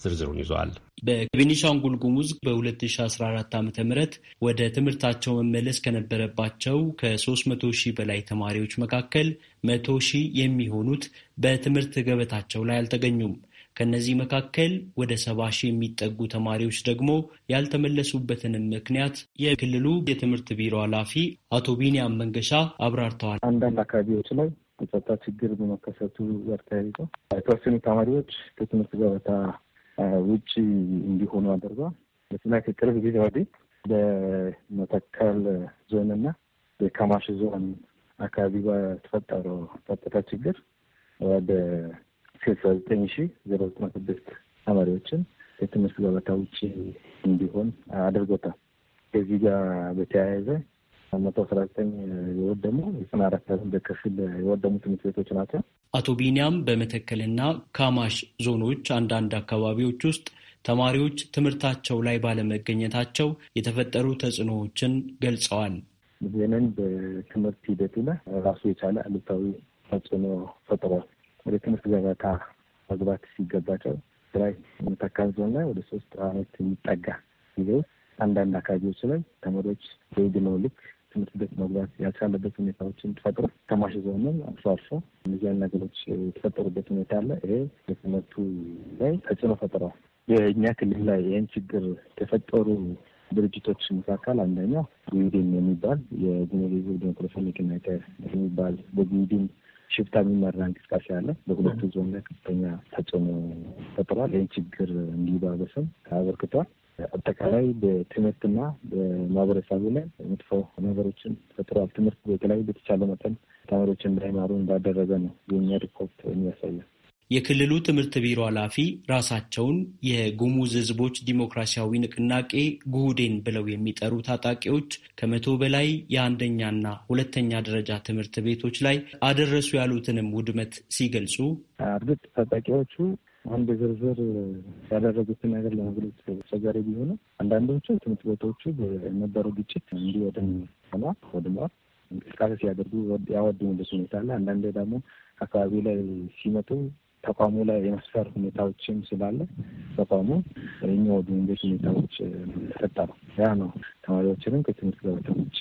ዝርዝሩን ይዘዋል። በቤኒሻንጉል ጉሙዝ በ2014 ዓ ም ወደ ትምህርታቸው መመለስ ከነበረባቸው ከ300 ሺህ በላይ ተማሪዎች መካከል መቶ ሺህ የሚሆኑት በትምህርት ገበታቸው ላይ አልተገኙም። ከእነዚህ መካከል ወደ ሰባ ሺህ የሚጠጉ ተማሪዎች ደግሞ ያልተመለሱበትንም ምክንያት የክልሉ የትምህርት ቢሮ ኃላፊ አቶ ቢኒያም መንገሻ አብራርተዋል። አንዳንድ አካባቢዎች ላይ የጸጥታ ችግር በመከሰቱ ጋር ተያይዘው የተወሰኑ ተማሪዎች ከትምህርት ገበታ ውጭ እንዲሆኑ አድርጓል። በተለይ ከቅርብ ጊዜ ወዲህ በመተከል ዞንና በካማሽ ዞን አካባቢ በተፈጠረው ጸጥታ ችግር ወደ ስልሳ ዘጠኝ ሺ ዜሮ ዘጠና ስድስት ተማሪዎችን የትምህርት ገበታ ውጭ እንዲሆን አድርጎታል። ከዚህ ጋር በተያያዘ መቶ አስራ ዘጠኝ የወደሙ ዘጠና አራት በከፊል የወደሙ ትምህርት ቤቶች ናቸው። አቶ ቢኒያም በመተከልና ካማሽ ዞኖች አንዳንድ አካባቢዎች ውስጥ ተማሪዎች ትምህርታቸው ላይ ባለመገኘታቸው የተፈጠሩ ተጽዕኖዎችን ገልጸዋል። ይህንን በትምህርት ሂደቱ ላይ ራሱ የቻለ አሉታዊ ተጽዕኖ ፈጥሯል። ወደ ትምህርት ገበታ መግባት ሲገባቸው ስራይ መተከል ዞን ላይ ወደ ሶስት አመት የሚጠጋ ጊዜ ውስጥ አንዳንድ አካባቢዎች ላይ ተማሪዎች በዕድሜው ልክ ትምህርት ቤት መግባት ያልቻለበት ሁኔታዎችን ፈጥሮ ከማሽ ዞንም አልፎ አልፎ እነዚህ ነገሮች የተፈጠሩበት ሁኔታ አለ። ይሄ በትምህርቱ ላይ ተጽዕኖ ፈጥረዋል። የእኛ ክልል ላይ ይህን ችግር የፈጠሩ ድርጅቶች መካከል አንደኛው ጉዲን የሚባል የጉሙዝ ዴሞክራሲ ዴሞክራሲያዊ ንቅናቄ የሚባል በጉዲን ሽፍታ የሚመራ እንቅስቃሴ አለ። በሁለቱ ዞን ላይ ከፍተኛ ተጽዕኖ ፈጥሯል። ይህን ችግር እንዲባበስም አበርክቷል። አጠቃላይ በትምህርትና በማህበረሰቡ ላይ መጥፎ ነገሮችን ፈጥሯል። ትምህርት በተለይ በተቻለ መጠን ተማሪዎችን እንዳይማሩ እንዳደረገ ነው የኛ ሪፖርት የሚያሳየው። የክልሉ ትምህርት ቢሮ ኃላፊ ራሳቸውን የጉሙዝ ህዝቦች ዲሞክራሲያዊ ንቅናቄ ጉህዴን ብለው የሚጠሩ ታጣቂዎች ከመቶ በላይ የአንደኛና ሁለተኛ ደረጃ ትምህርት ቤቶች ላይ አደረሱ ያሉትንም ውድመት ሲገልጹ እርግጥ ታጣቂዎቹ አንድ ዝርዝር ያደረጉትን ነገር ለመግለጽ አስቸጋሪ ቢሆንም አንዳንዶቹ ትምህርት ቤቶቹ በነበረው ግጭት ወደ ኋላ ወድመዋል። እንቅስቃሴ ሲያደርጉ ያወድሙበት ሁኔታ አለ። አንዳንዴ ደግሞ አካባቢ ላይ ሲመጡ ተቋሙ ላይ የመስፈር ሁኔታዎችም ስላለ ተቋሙ የሚወዱ እንዴት ሁኔታዎች ፈጠረ። ያ ነው ተማሪዎችንም ከትምህርት ገበታ ውጭ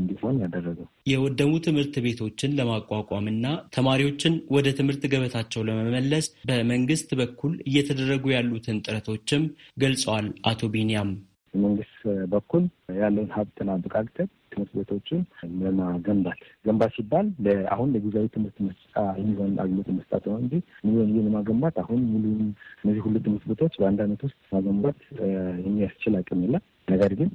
እንዲሆን ያደረገው። የወደሙ ትምህርት ቤቶችን ለማቋቋምና ተማሪዎችን ወደ ትምህርት ገበታቸው ለመመለስ በመንግስት በኩል እየተደረጉ ያሉትን ጥረቶችም ገልጸዋል አቶ ቢኒያም በመንግስት በኩል ያለውን ሀብትን አብቃቅተን ትምህርት ቤቶችን ለማገንባት ገንባት ሲባል አሁን ለጊዜያዊ ትምህርት መስጫ የሚሆን አግሎት መስጣት ነው እንጂ ሚሊዮን ሚሊዮን ለማገንባት አሁን ሙሉ እነዚህ ሁሉ ትምህርት ቤቶች በአንድ አመት ውስጥ ማገንባት የሚያስችል አቅም የለም። ነገር ግን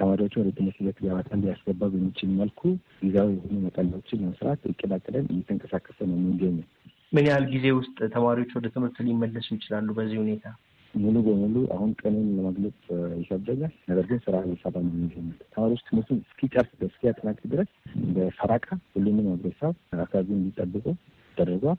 ተማሪዎቹ ወደ ትምህርት ቤት ገባታ እንዲያስገባ በሚችል መልኩ ጊዜያዊ የሆኑ መጠለያዎችን ለመስራት እቅድ አቅደን እየተንቀሳቀሰ ነው የሚገኘው። ምን ያህል ጊዜ ውስጥ ተማሪዎች ወደ ትምህርት ሊመለሱ ይችላሉ? በዚህ ሁኔታ ሙሉ በሙሉ አሁን ቀኑን ለመግለጽ ይከብደኛል። ነገር ግን ስራ ሰራ የሚገኛል ተማሪዎች ትምህርቱን እስኪጨርስ እስኪያጠናቅ ድረስ በፈራቃ ሁሉንም አብረሳብ አካባቢ እንዲጠብቁ ተደርጓል።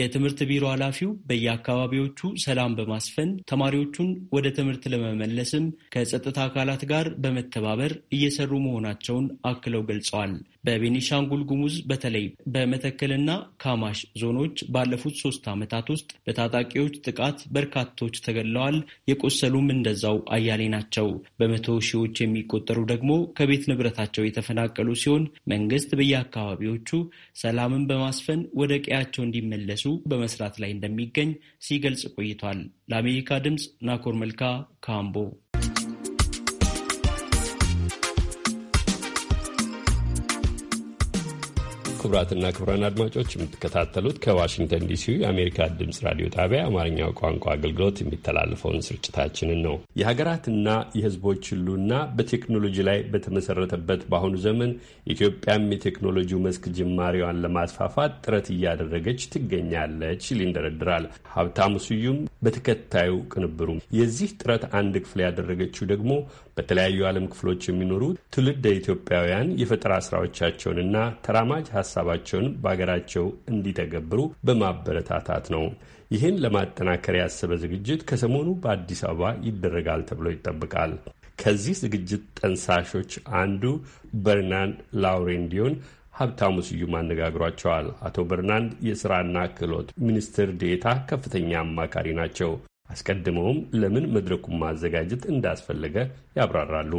የትምህርት ቢሮ ኃላፊው በየአካባቢዎቹ ሰላም በማስፈን ተማሪዎቹን ወደ ትምህርት ለመመለስም ከጸጥታ አካላት ጋር በመተባበር እየሰሩ መሆናቸውን አክለው ገልጸዋል። በቤኒሻንጉል ጉሙዝ በተለይ በመተከልና ካማሽ ዞኖች ባለፉት ሶስት ዓመታት ውስጥ በታጣቂዎች ጥቃት በርካቶች ተገድለዋል። የቆሰሉም እንደዛው አያሌ ናቸው። በመቶ ሺዎች የሚቆጠሩ ደግሞ ከቤት ንብረታቸው የተፈናቀሉ ሲሆን መንግስት በየአካባቢዎቹ ሰላምን በማስፈን ወደ ቀያቸው እንዲመለሱ እንዲመለሱ በመስራት ላይ እንደሚገኝ ሲገልጽ ቆይቷል። ለአሜሪካ ድምፅ ናኮር መልካ ካምቦ ክቡራትና ክቡራን አድማጮች የምትከታተሉት ከዋሽንግተን ዲሲ የአሜሪካ ድምፅ ራዲዮ ጣቢያ አማርኛው ቋንቋ አገልግሎት የሚተላለፈውን ስርጭታችንን ነው። የሀገራትና የሕዝቦች ሁሉና በቴክኖሎጂ ላይ በተመሰረተበት በአሁኑ ዘመን ኢትዮጵያም የቴክኖሎጂው መስክ ጅማሬዋን ለማስፋፋት ጥረት እያደረገች ትገኛለች ሲል ይንደረድራል ሀብታሙ ስዩም በተከታዩ ቅንብሩ። የዚህ ጥረት አንድ ክፍል ያደረገችው ደግሞ በተለያዩ የዓለም ክፍሎች የሚኖሩ ትውልደ ኢትዮጵያውያን የፈጠራ ስራዎቻቸውንና ተራማጅ ሀሳባቸውን በአገራቸው እንዲተገብሩ በማበረታታት ነው። ይህን ለማጠናከር ያሰበ ዝግጅት ከሰሞኑ በአዲስ አበባ ይደረጋል ተብሎ ይጠበቃል። ከዚህ ዝግጅት ጠንሳሾች አንዱ በርናንድ ላውሬንዲዮን ሀብታሙ ስዩም አነጋግሯቸዋል። አቶ በርናንድ የስራና ክህሎት ሚኒስትር ዴታ ከፍተኛ አማካሪ ናቸው። አስቀድመውም ለምን መድረኩን ማዘጋጀት እንዳስፈለገ ያብራራሉ።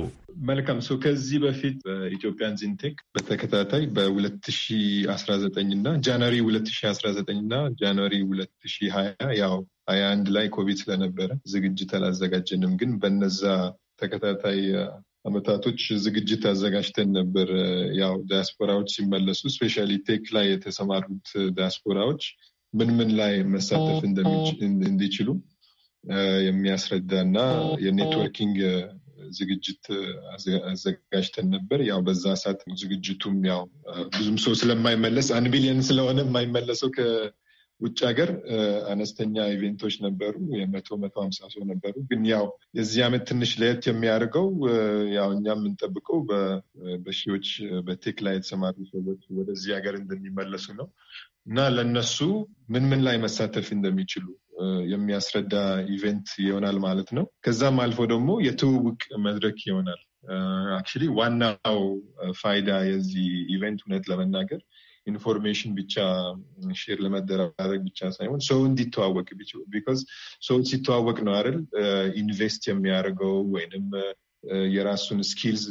መልካም ሰው ከዚህ በፊት በኢትዮጵያን ዚንቴክ በተከታታይ በ2019 እና ጃንዋሪ 2019 እና ጃንዋሪ 2020 ያው ሀያ አንድ ላይ ኮቪድ ስለነበረ ዝግጅት አላዘጋጀንም። ግን በነዛ ተከታታይ አመታቶች ዝግጅት አዘጋጅተን ነበር። ያው ዲያስፖራዎች ሲመለሱ ስፔሻሊ ቴክ ላይ የተሰማሩት ዲያስፖራዎች ምን ምን ላይ መሳተፍ እንዲችሉ የሚያስረዳ እና የኔትወርኪንግ ዝግጅት አዘጋጅተን ነበር። ያው በዛ ሰዓት ዝግጅቱም ያው ብዙም ሰው ስለማይመለስ አንድ ሚሊዮን ስለሆነ የማይመለሰው ከውጭ ሀገር አነስተኛ ኢቬንቶች ነበሩ። የመቶ መቶ ሀምሳ ሰው ነበሩ። ግን ያው የዚህ ዓመት ትንሽ ለየት የሚያደርገው ያው እኛ የምንጠብቀው በሺዎች በቴክ ላይ የተሰማሩ ሰዎች ወደዚህ ሀገር እንደሚመለሱ ነው። እና ለነሱ ምን ምን ላይ መሳተፍ እንደሚችሉ የሚያስረዳ ኢቨንት ይሆናል ማለት ነው። ከዛም አልፎ ደግሞ የትውውቅ መድረክ ይሆናል። አክቹሊ ዋናው ፋይዳ የዚህ ኢቨንት እውነት ለመናገር ኢንፎርሜሽን ብቻ ሼር ለመደራረግ ብቻ ሳይሆን ሰው እንዲተዋወቅ ቢካዝ ሰው ሲተዋወቅ ነው አይደል ኢንቨስት የሚያደርገው ወይንም የራሱን ስኪልስ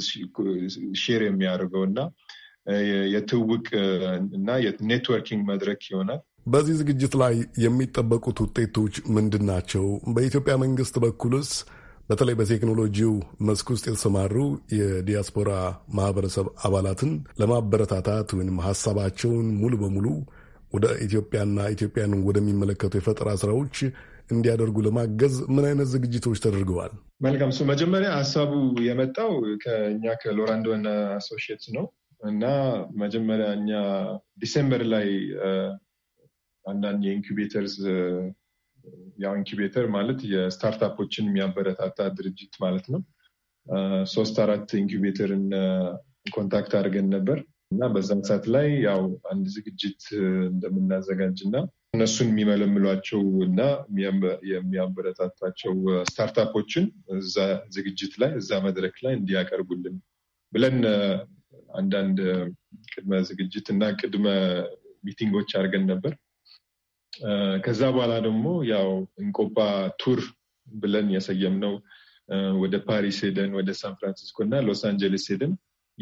ሼር የሚያደርገው እና የትውውቅ እና የኔትወርኪንግ መድረክ ይሆናል። በዚህ ዝግጅት ላይ የሚጠበቁት ውጤቶች ምንድን ናቸው? በኢትዮጵያ መንግስት በኩልስ በተለይ በቴክኖሎጂው መስክ ውስጥ የተሰማሩ የዲያስፖራ ማህበረሰብ አባላትን ለማበረታታት ወይም ሀሳባቸውን ሙሉ በሙሉ ወደ ኢትዮጵያና ኢትዮጵያን ወደሚመለከቱ የፈጠራ ስራዎች እንዲያደርጉ ለማገዝ ምን አይነት ዝግጅቶች ተደርገዋል? መልካም። ሱ መጀመሪያ ሀሳቡ የመጣው ከእኛ ከሎራንዶ እና አሶሺየትስ ነው። እና መጀመሪያ እኛ ዲሴምበር ላይ አንዳንድ የኢንኩቤተርስ ያው ኢንኩቤተር ማለት የስታርታፖችን የሚያበረታታ ድርጅት ማለት ነው። ሶስት አራት ኢንኩቤተርን ኮንታክት አድርገን ነበር እና በዛ ሰዓት ላይ ያው አንድ ዝግጅት እንደምናዘጋጅ እና እነሱን የሚመለምሏቸው እና የሚያበረታታቸው ስታርታፖችን እዛ ዝግጅት ላይ እዛ መድረክ ላይ እንዲያቀርቡልን ብለን አንዳንድ ቅድመ ዝግጅት እና ቅድመ ሚቲንጎች አድርገን ነበር። ከዛ በኋላ ደግሞ ያው እንቆባ ቱር ብለን የሰየምነው ወደ ፓሪስ ሄደን ወደ ሳን ፍራንሲስኮ እና ሎስ አንጀለስ ሄደን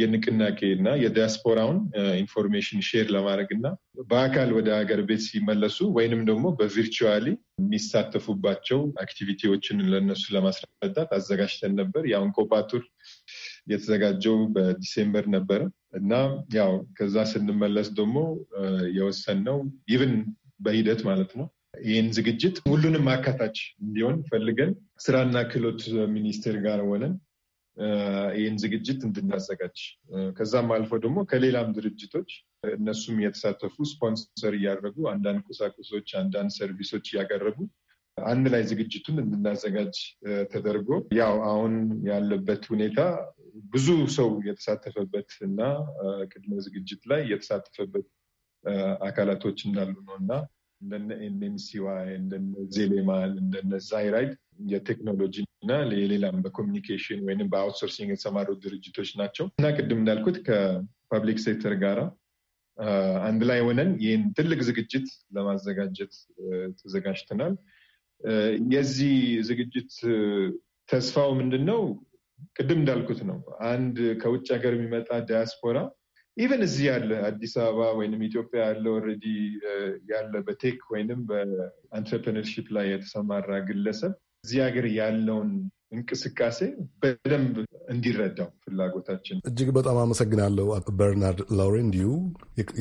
የንቅናቄ እና የዲያስፖራውን ኢንፎርሜሽን ሼር ለማድረግ እና በአካል ወደ ሀገር ቤት ሲመለሱ ወይንም ደግሞ በቪርቹዋሊ የሚሳተፉባቸው አክቲቪቲዎችን ለነሱ ለማስረዳት አዘጋጅተን ነበር። ያው እንቆባ ቱር የተዘጋጀው በዲሴምበር ነበረ እና ያው ከዛ ስንመለስ ደግሞ ነው ኢቭን በሂደት ማለት ነው ይህን ዝግጅት ሁሉንም አካታች እንዲሆን ፈልገን ስራና ክህሎት ሚኒስቴር ጋር ሆነን ይህን ዝግጅት እንድናዘጋጅ ከዛም አልፎ ደግሞ ከሌላም ድርጅቶች እነሱም የተሳተፉ ስፖንሰር እያደረጉ አንዳንድ ቁሳቁሶች፣ አንዳንድ ሰርቪሶች እያቀረቡ አንድ ላይ ዝግጅቱን እንድናዘጋጅ ተደርጎ ያው አሁን ያለበት ሁኔታ ብዙ ሰው የተሳተፈበት እና ቅድመ ዝግጅት ላይ የተሳተፈበት አካላቶች እንዳሉ ነው እና እንደነ ኤንኤምሲዋይ እንደነ ዜሌማል እንደነ ዛይራይድ የቴክኖሎጂ እና የሌላም በኮሚኒኬሽን ወይም በአውትሶርሲንግ የተሰማሩ ድርጅቶች ናቸው እና ቅድም እንዳልኩት ከፐብሊክ ሴክተር ጋራ አንድ ላይ ሆነን ይህን ትልቅ ዝግጅት ለማዘጋጀት ተዘጋጅተናል። የዚህ ዝግጅት ተስፋው ምንድን ነው? ቅድም እንዳልኩት ነው። አንድ ከውጭ ሀገር የሚመጣ ዲያስፖራ ኢቨን እዚህ ያለ አዲስ አበባ ወይም ኢትዮጵያ ያለ ኦልሬዲ ያለ በቴክ ወይንም በአንትረፕረነርሺፕ ላይ የተሰማራ ግለሰብ እዚህ ሀገር ያለውን እንቅስቃሴ በደንብ እንዲረዳው ፍላጎታችን። እጅግ በጣም አመሰግናለሁ። በርናርድ ላውሬንዲዩ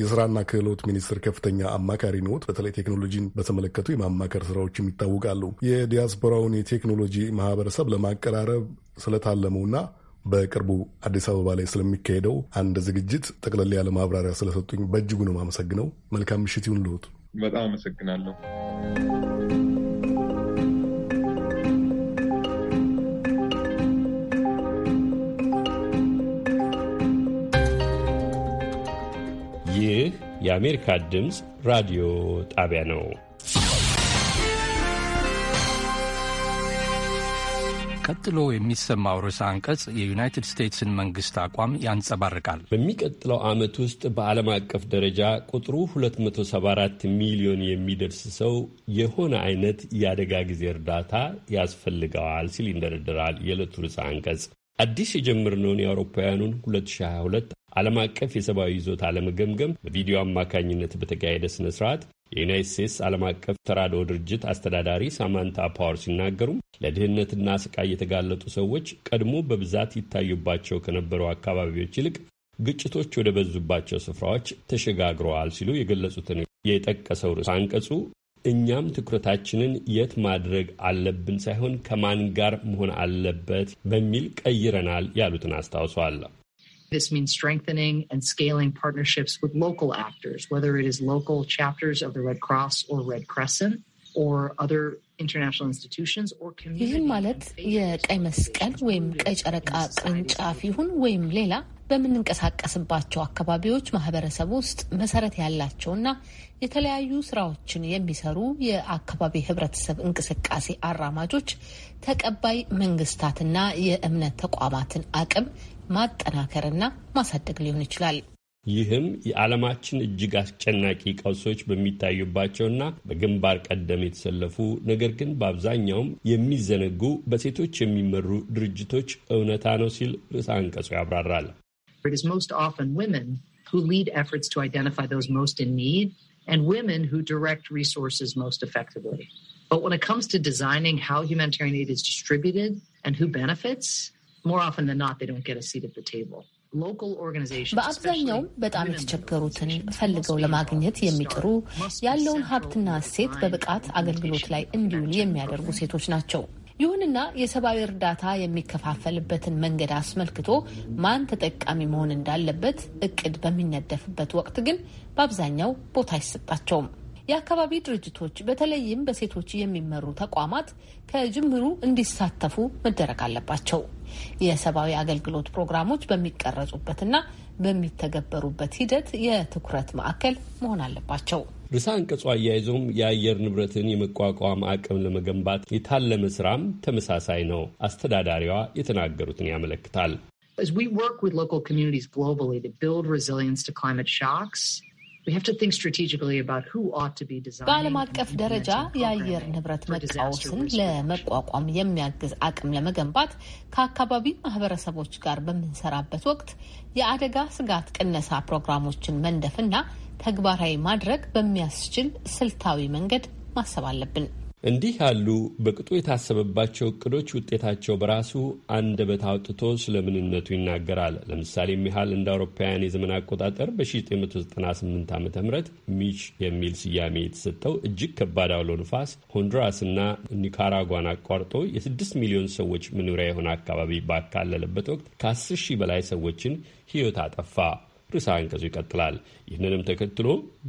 የስራና ክህሎት ሚኒስትር ከፍተኛ አማካሪ ኖት። በተለይ ቴክኖሎጂን በተመለከቱ የማማከር ስራዎችም ይታወቃሉ። የዲያስፖራውን የቴክኖሎጂ ማህበረሰብ ለማቀራረብ ስለታለመውና በቅርቡ አዲስ አበባ ላይ ስለሚካሄደው አንድ ዝግጅት ጠቅለል ያለ ማብራሪያ ስለሰጡኝ በእጅጉ ነው የማመሰግነው። መልካም ምሽት ይሁን ልሁት። በጣም አመሰግናለሁ። የአሜሪካ ድምፅ ራዲዮ ጣቢያ ነው። ቀጥሎ የሚሰማው ርዕሰ አንቀጽ የዩናይትድ ስቴትስን መንግስት አቋም ያንጸባርቃል። በሚቀጥለው ዓመት ውስጥ በዓለም አቀፍ ደረጃ ቁጥሩ 274 ሚሊዮን የሚደርስ ሰው የሆነ አይነት የአደጋ ጊዜ እርዳታ ያስፈልገዋል ሲል ይንደረደራል የዕለቱ ርዕሰ አንቀጽ። አዲስ የጀመርነውን የአውሮፓውያኑን 2022 ዓለም አቀፍ የሰብአዊ ይዞታ ለመገምገም በቪዲዮ አማካኝነት በተካሄደ ስነ ስርዓት የዩናይት ስቴትስ ዓለም አቀፍ ተራድኦ ድርጅት አስተዳዳሪ ሳማንታ ፓወር ሲናገሩም ለድህነትና ስቃይ የተጋለጡ ሰዎች ቀድሞ በብዛት ይታዩባቸው ከነበሩ አካባቢዎች ይልቅ ግጭቶች ወደ በዙባቸው ስፍራዎች ተሸጋግረዋል ሲሉ የገለጹትን የጠቀሰው ርዕሰ አንቀጹ እኛም ትኩረታችንን የት ማድረግ አለብን ሳይሆን ከማን ጋር መሆን አለበት በሚል ቀይረናል ያሉትን አስታውሷል። This means strengthening and scaling partnerships with local actors, whether it is local chapters of the Red Cross or Red Crescent or other ይህም ማለት የቀይ መስቀል ወይም ቀይ ጨረቃ ቅርንጫፍ ይሁን ወይም ሌላ በምንንቀሳቀስባቸው አካባቢዎች ማህበረሰብ ውስጥ መሰረት ያላቸውና የተለያዩ ስራዎችን የሚሰሩ የአካባቢ ህብረተሰብ እንቅስቃሴ አራማጆች ተቀባይ መንግስታትና የእምነት ተቋማትን አቅም ማጠናከርና ማሳደግ ሊሆን ይችላል። ይህም የዓለማችን እጅግ አስጨናቂ ቀውሶች በሚታዩባቸውና በግንባር ቀደም የተሰለፉ ነገር ግን በአብዛኛውም የሚዘነጉ በሴቶች የሚመሩ ድርጅቶች እውነታ ነው ሲል ርዕሰ አንቀጹ ያብራራል። ሪሶርስ በአብዛኛውም በጣም የተቸገሩትን ፈልገው ለማግኘት የሚጥሩ ያለውን ሀብትና እሴት በብቃት አገልግሎት ላይ እንዲውል የሚያደርጉ ሴቶች ናቸው። ይሁንና የሰብአዊ እርዳታ የሚከፋፈልበትን መንገድ አስመልክቶ ማን ተጠቃሚ መሆን እንዳለበት እቅድ በሚነደፍበት ወቅት ግን በአብዛኛው ቦታ አይሰጣቸውም። የአካባቢ ድርጅቶች በተለይም በሴቶች የሚመሩ ተቋማት ከጅምሩ እንዲሳተፉ መደረግ አለባቸው። የሰብአዊ አገልግሎት ፕሮግራሞች በሚቀረጹበትና በሚተገበሩበት ሂደት የትኩረት ማዕከል መሆን አለባቸው። ርዕሰ አንቀጹ አያይዞም የአየር ንብረትን የመቋቋም አቅም ለመገንባት የታለመ ስራም ተመሳሳይ ነው። አስተዳዳሪዋ የተናገሩትን ያመለክታል። As we work with local communities globally to build resilience to climate shocks, በዓለም አቀፍ ደረጃ የአየር ንብረት መቃወስን ለመቋቋም የሚያግዝ አቅም ለመገንባት ከአካባቢ ማህበረሰቦች ጋር በምንሰራበት ወቅት የአደጋ ስጋት ቅነሳ ፕሮግራሞችን መንደፍና ተግባራዊ ማድረግ በሚያስችል ስልታዊ መንገድ ማሰብ አለብን። እንዲህ ያሉ በቅጡ የታሰበባቸው እቅዶች ውጤታቸው በራሱ አንደበት አውጥቶ ስለ ምንነቱ ይናገራል። ለምሳሌ ያህል እንደ አውሮፓውያን የዘመን አቆጣጠር በ1998 ዓ ም ሚች የሚል ስያሜ የተሰጠው እጅግ ከባድ አውሎ ንፋስ ሆንዱራስና ኒካራጓን አቋርጦ የ6 ሚሊዮን ሰዎች መኖሪያ የሆነ አካባቢ ባካለለበት ወቅት ከ10 ሺህ በላይ ሰዎችን ሕይወት አጠፋ። ርዕሰ አንቀጹ ይቀጥላል። ይህንንም ተከትሎ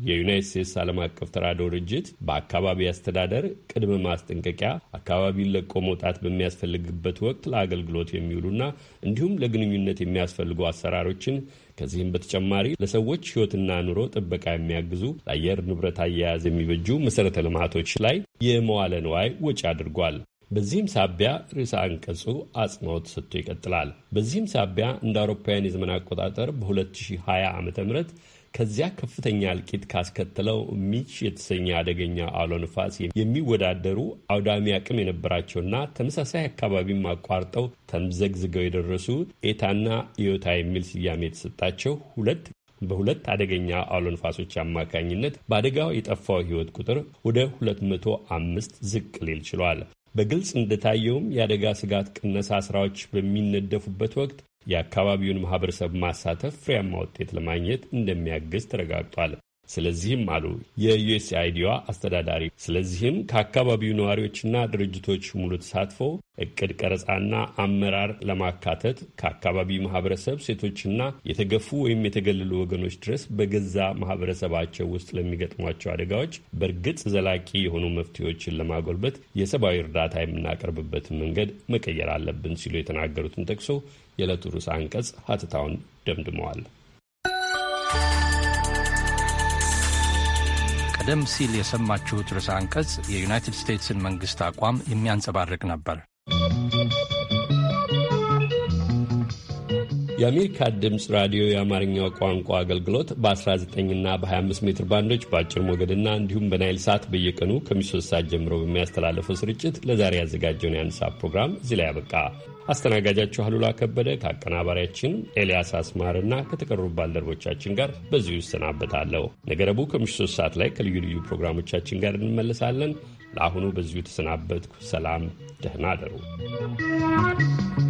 የዩናይት ስቴትስ ዓለም አቀፍ ተራድኦ ድርጅት በአካባቢ አስተዳደር ቅድመ ማስጠንቀቂያ አካባቢን ለቆ መውጣት በሚያስፈልግበት ወቅት ለአገልግሎት የሚውሉና እንዲሁም ለግንኙነት የሚያስፈልጉ አሰራሮችን ከዚህም በተጨማሪ ለሰዎች ሕይወትና ኑሮ ጥበቃ የሚያግዙ ለአየር ንብረት አያያዝ የሚበጁ መሠረተ ልማቶች ላይ የመዋለ ንዋይ ወጪ አድርጓል። በዚህም ሳቢያ ርዕሰ አንቀጹ አጽንኦት ሰጥቶ ይቀጥላል። በዚህም ሳቢያ እንደ አውሮፓውያን የዘመን አቆጣጠር በ2020 ዓ ም ከዚያ ከፍተኛ እልቂት ካስከተለው ሚች የተሰኘ አደገኛ አውሎ ንፋስ የሚወዳደሩ አውዳሚ አቅም የነበራቸውና ተመሳሳይ አካባቢም አቋርጠው ተምዘግዝገው የደረሱ ኤታና ኢዮታ የሚል ስያሜ የተሰጣቸው ሁለት በሁለት አደገኛ አውሎ ንፋሶች አማካኝነት በአደጋው የጠፋው ሕይወት ቁጥር ወደ 205 ዝቅ ሊል ችሏል። በግልጽ እንደታየውም የአደጋ ስጋት ቅነሳ ስራዎች በሚነደፉበት ወቅት የአካባቢውን ማህበረሰብ ማሳተፍ ፍሬያማ ውጤት ለማግኘት እንደሚያግዝ ተረጋግጧል። ስለዚህም አሉ የዩኤስአይዲዋ አስተዳዳሪ ስለዚህም ከአካባቢው ነዋሪዎችና ድርጅቶች ሙሉ ተሳትፎ እቅድ ቀረጻና አመራር ለማካተት ከአካባቢው ማህበረሰብ ሴቶችና የተገፉ ወይም የተገለሉ ወገኖች ድረስ በገዛ ማህበረሰባቸው ውስጥ ለሚገጥሟቸው አደጋዎች በእርግጥ ዘላቂ የሆኑ መፍትሄዎችን ለማጎልበት የሰብአዊ እርዳታ የምናቀርብበትን መንገድ መቀየር አለብን ሲሉ የተናገሩትን ጠቅሶ የዕለቱ ርዕሰ አንቀጽ ሀተታውን ደምድመዋል። ቀደም ሲል የሰማችሁት ርዕሰ አንቀጽ የዩናይትድ ስቴትስን መንግሥት አቋም የሚያንጸባርቅ ነበር። የአሜሪካ ድምፅ ራዲዮ የአማርኛው ቋንቋ አገልግሎት በ19ና በ25 ሜትር ባንዶች በአጭር ሞገድና እንዲሁም በናይል ሳት በየቀኑ ከምሽቱ ሰዓት ጀምሮ በሚያስተላለፈው ስርጭት ለዛሬ ያዘጋጀውን የአንድ ሰዓት ፕሮግራም እዚህ ላይ ያበቃ። አስተናጋጃችሁ አሉላ ከበደ ከአቀናባሪያችን ኤልያስ አስማርና ከተቀሩ ባልደረቦቻችን ጋር በዚሁ ይሰናበታለሁ። ነገ ረቡዕ ከምሽቱ ሶስት ሰዓት ላይ ከልዩ ልዩ ፕሮግራሞቻችን ጋር እንመለሳለን። ለአሁኑ በዚሁ ተሰናበትኩ። ሰላም፣ ደህና አደሩ።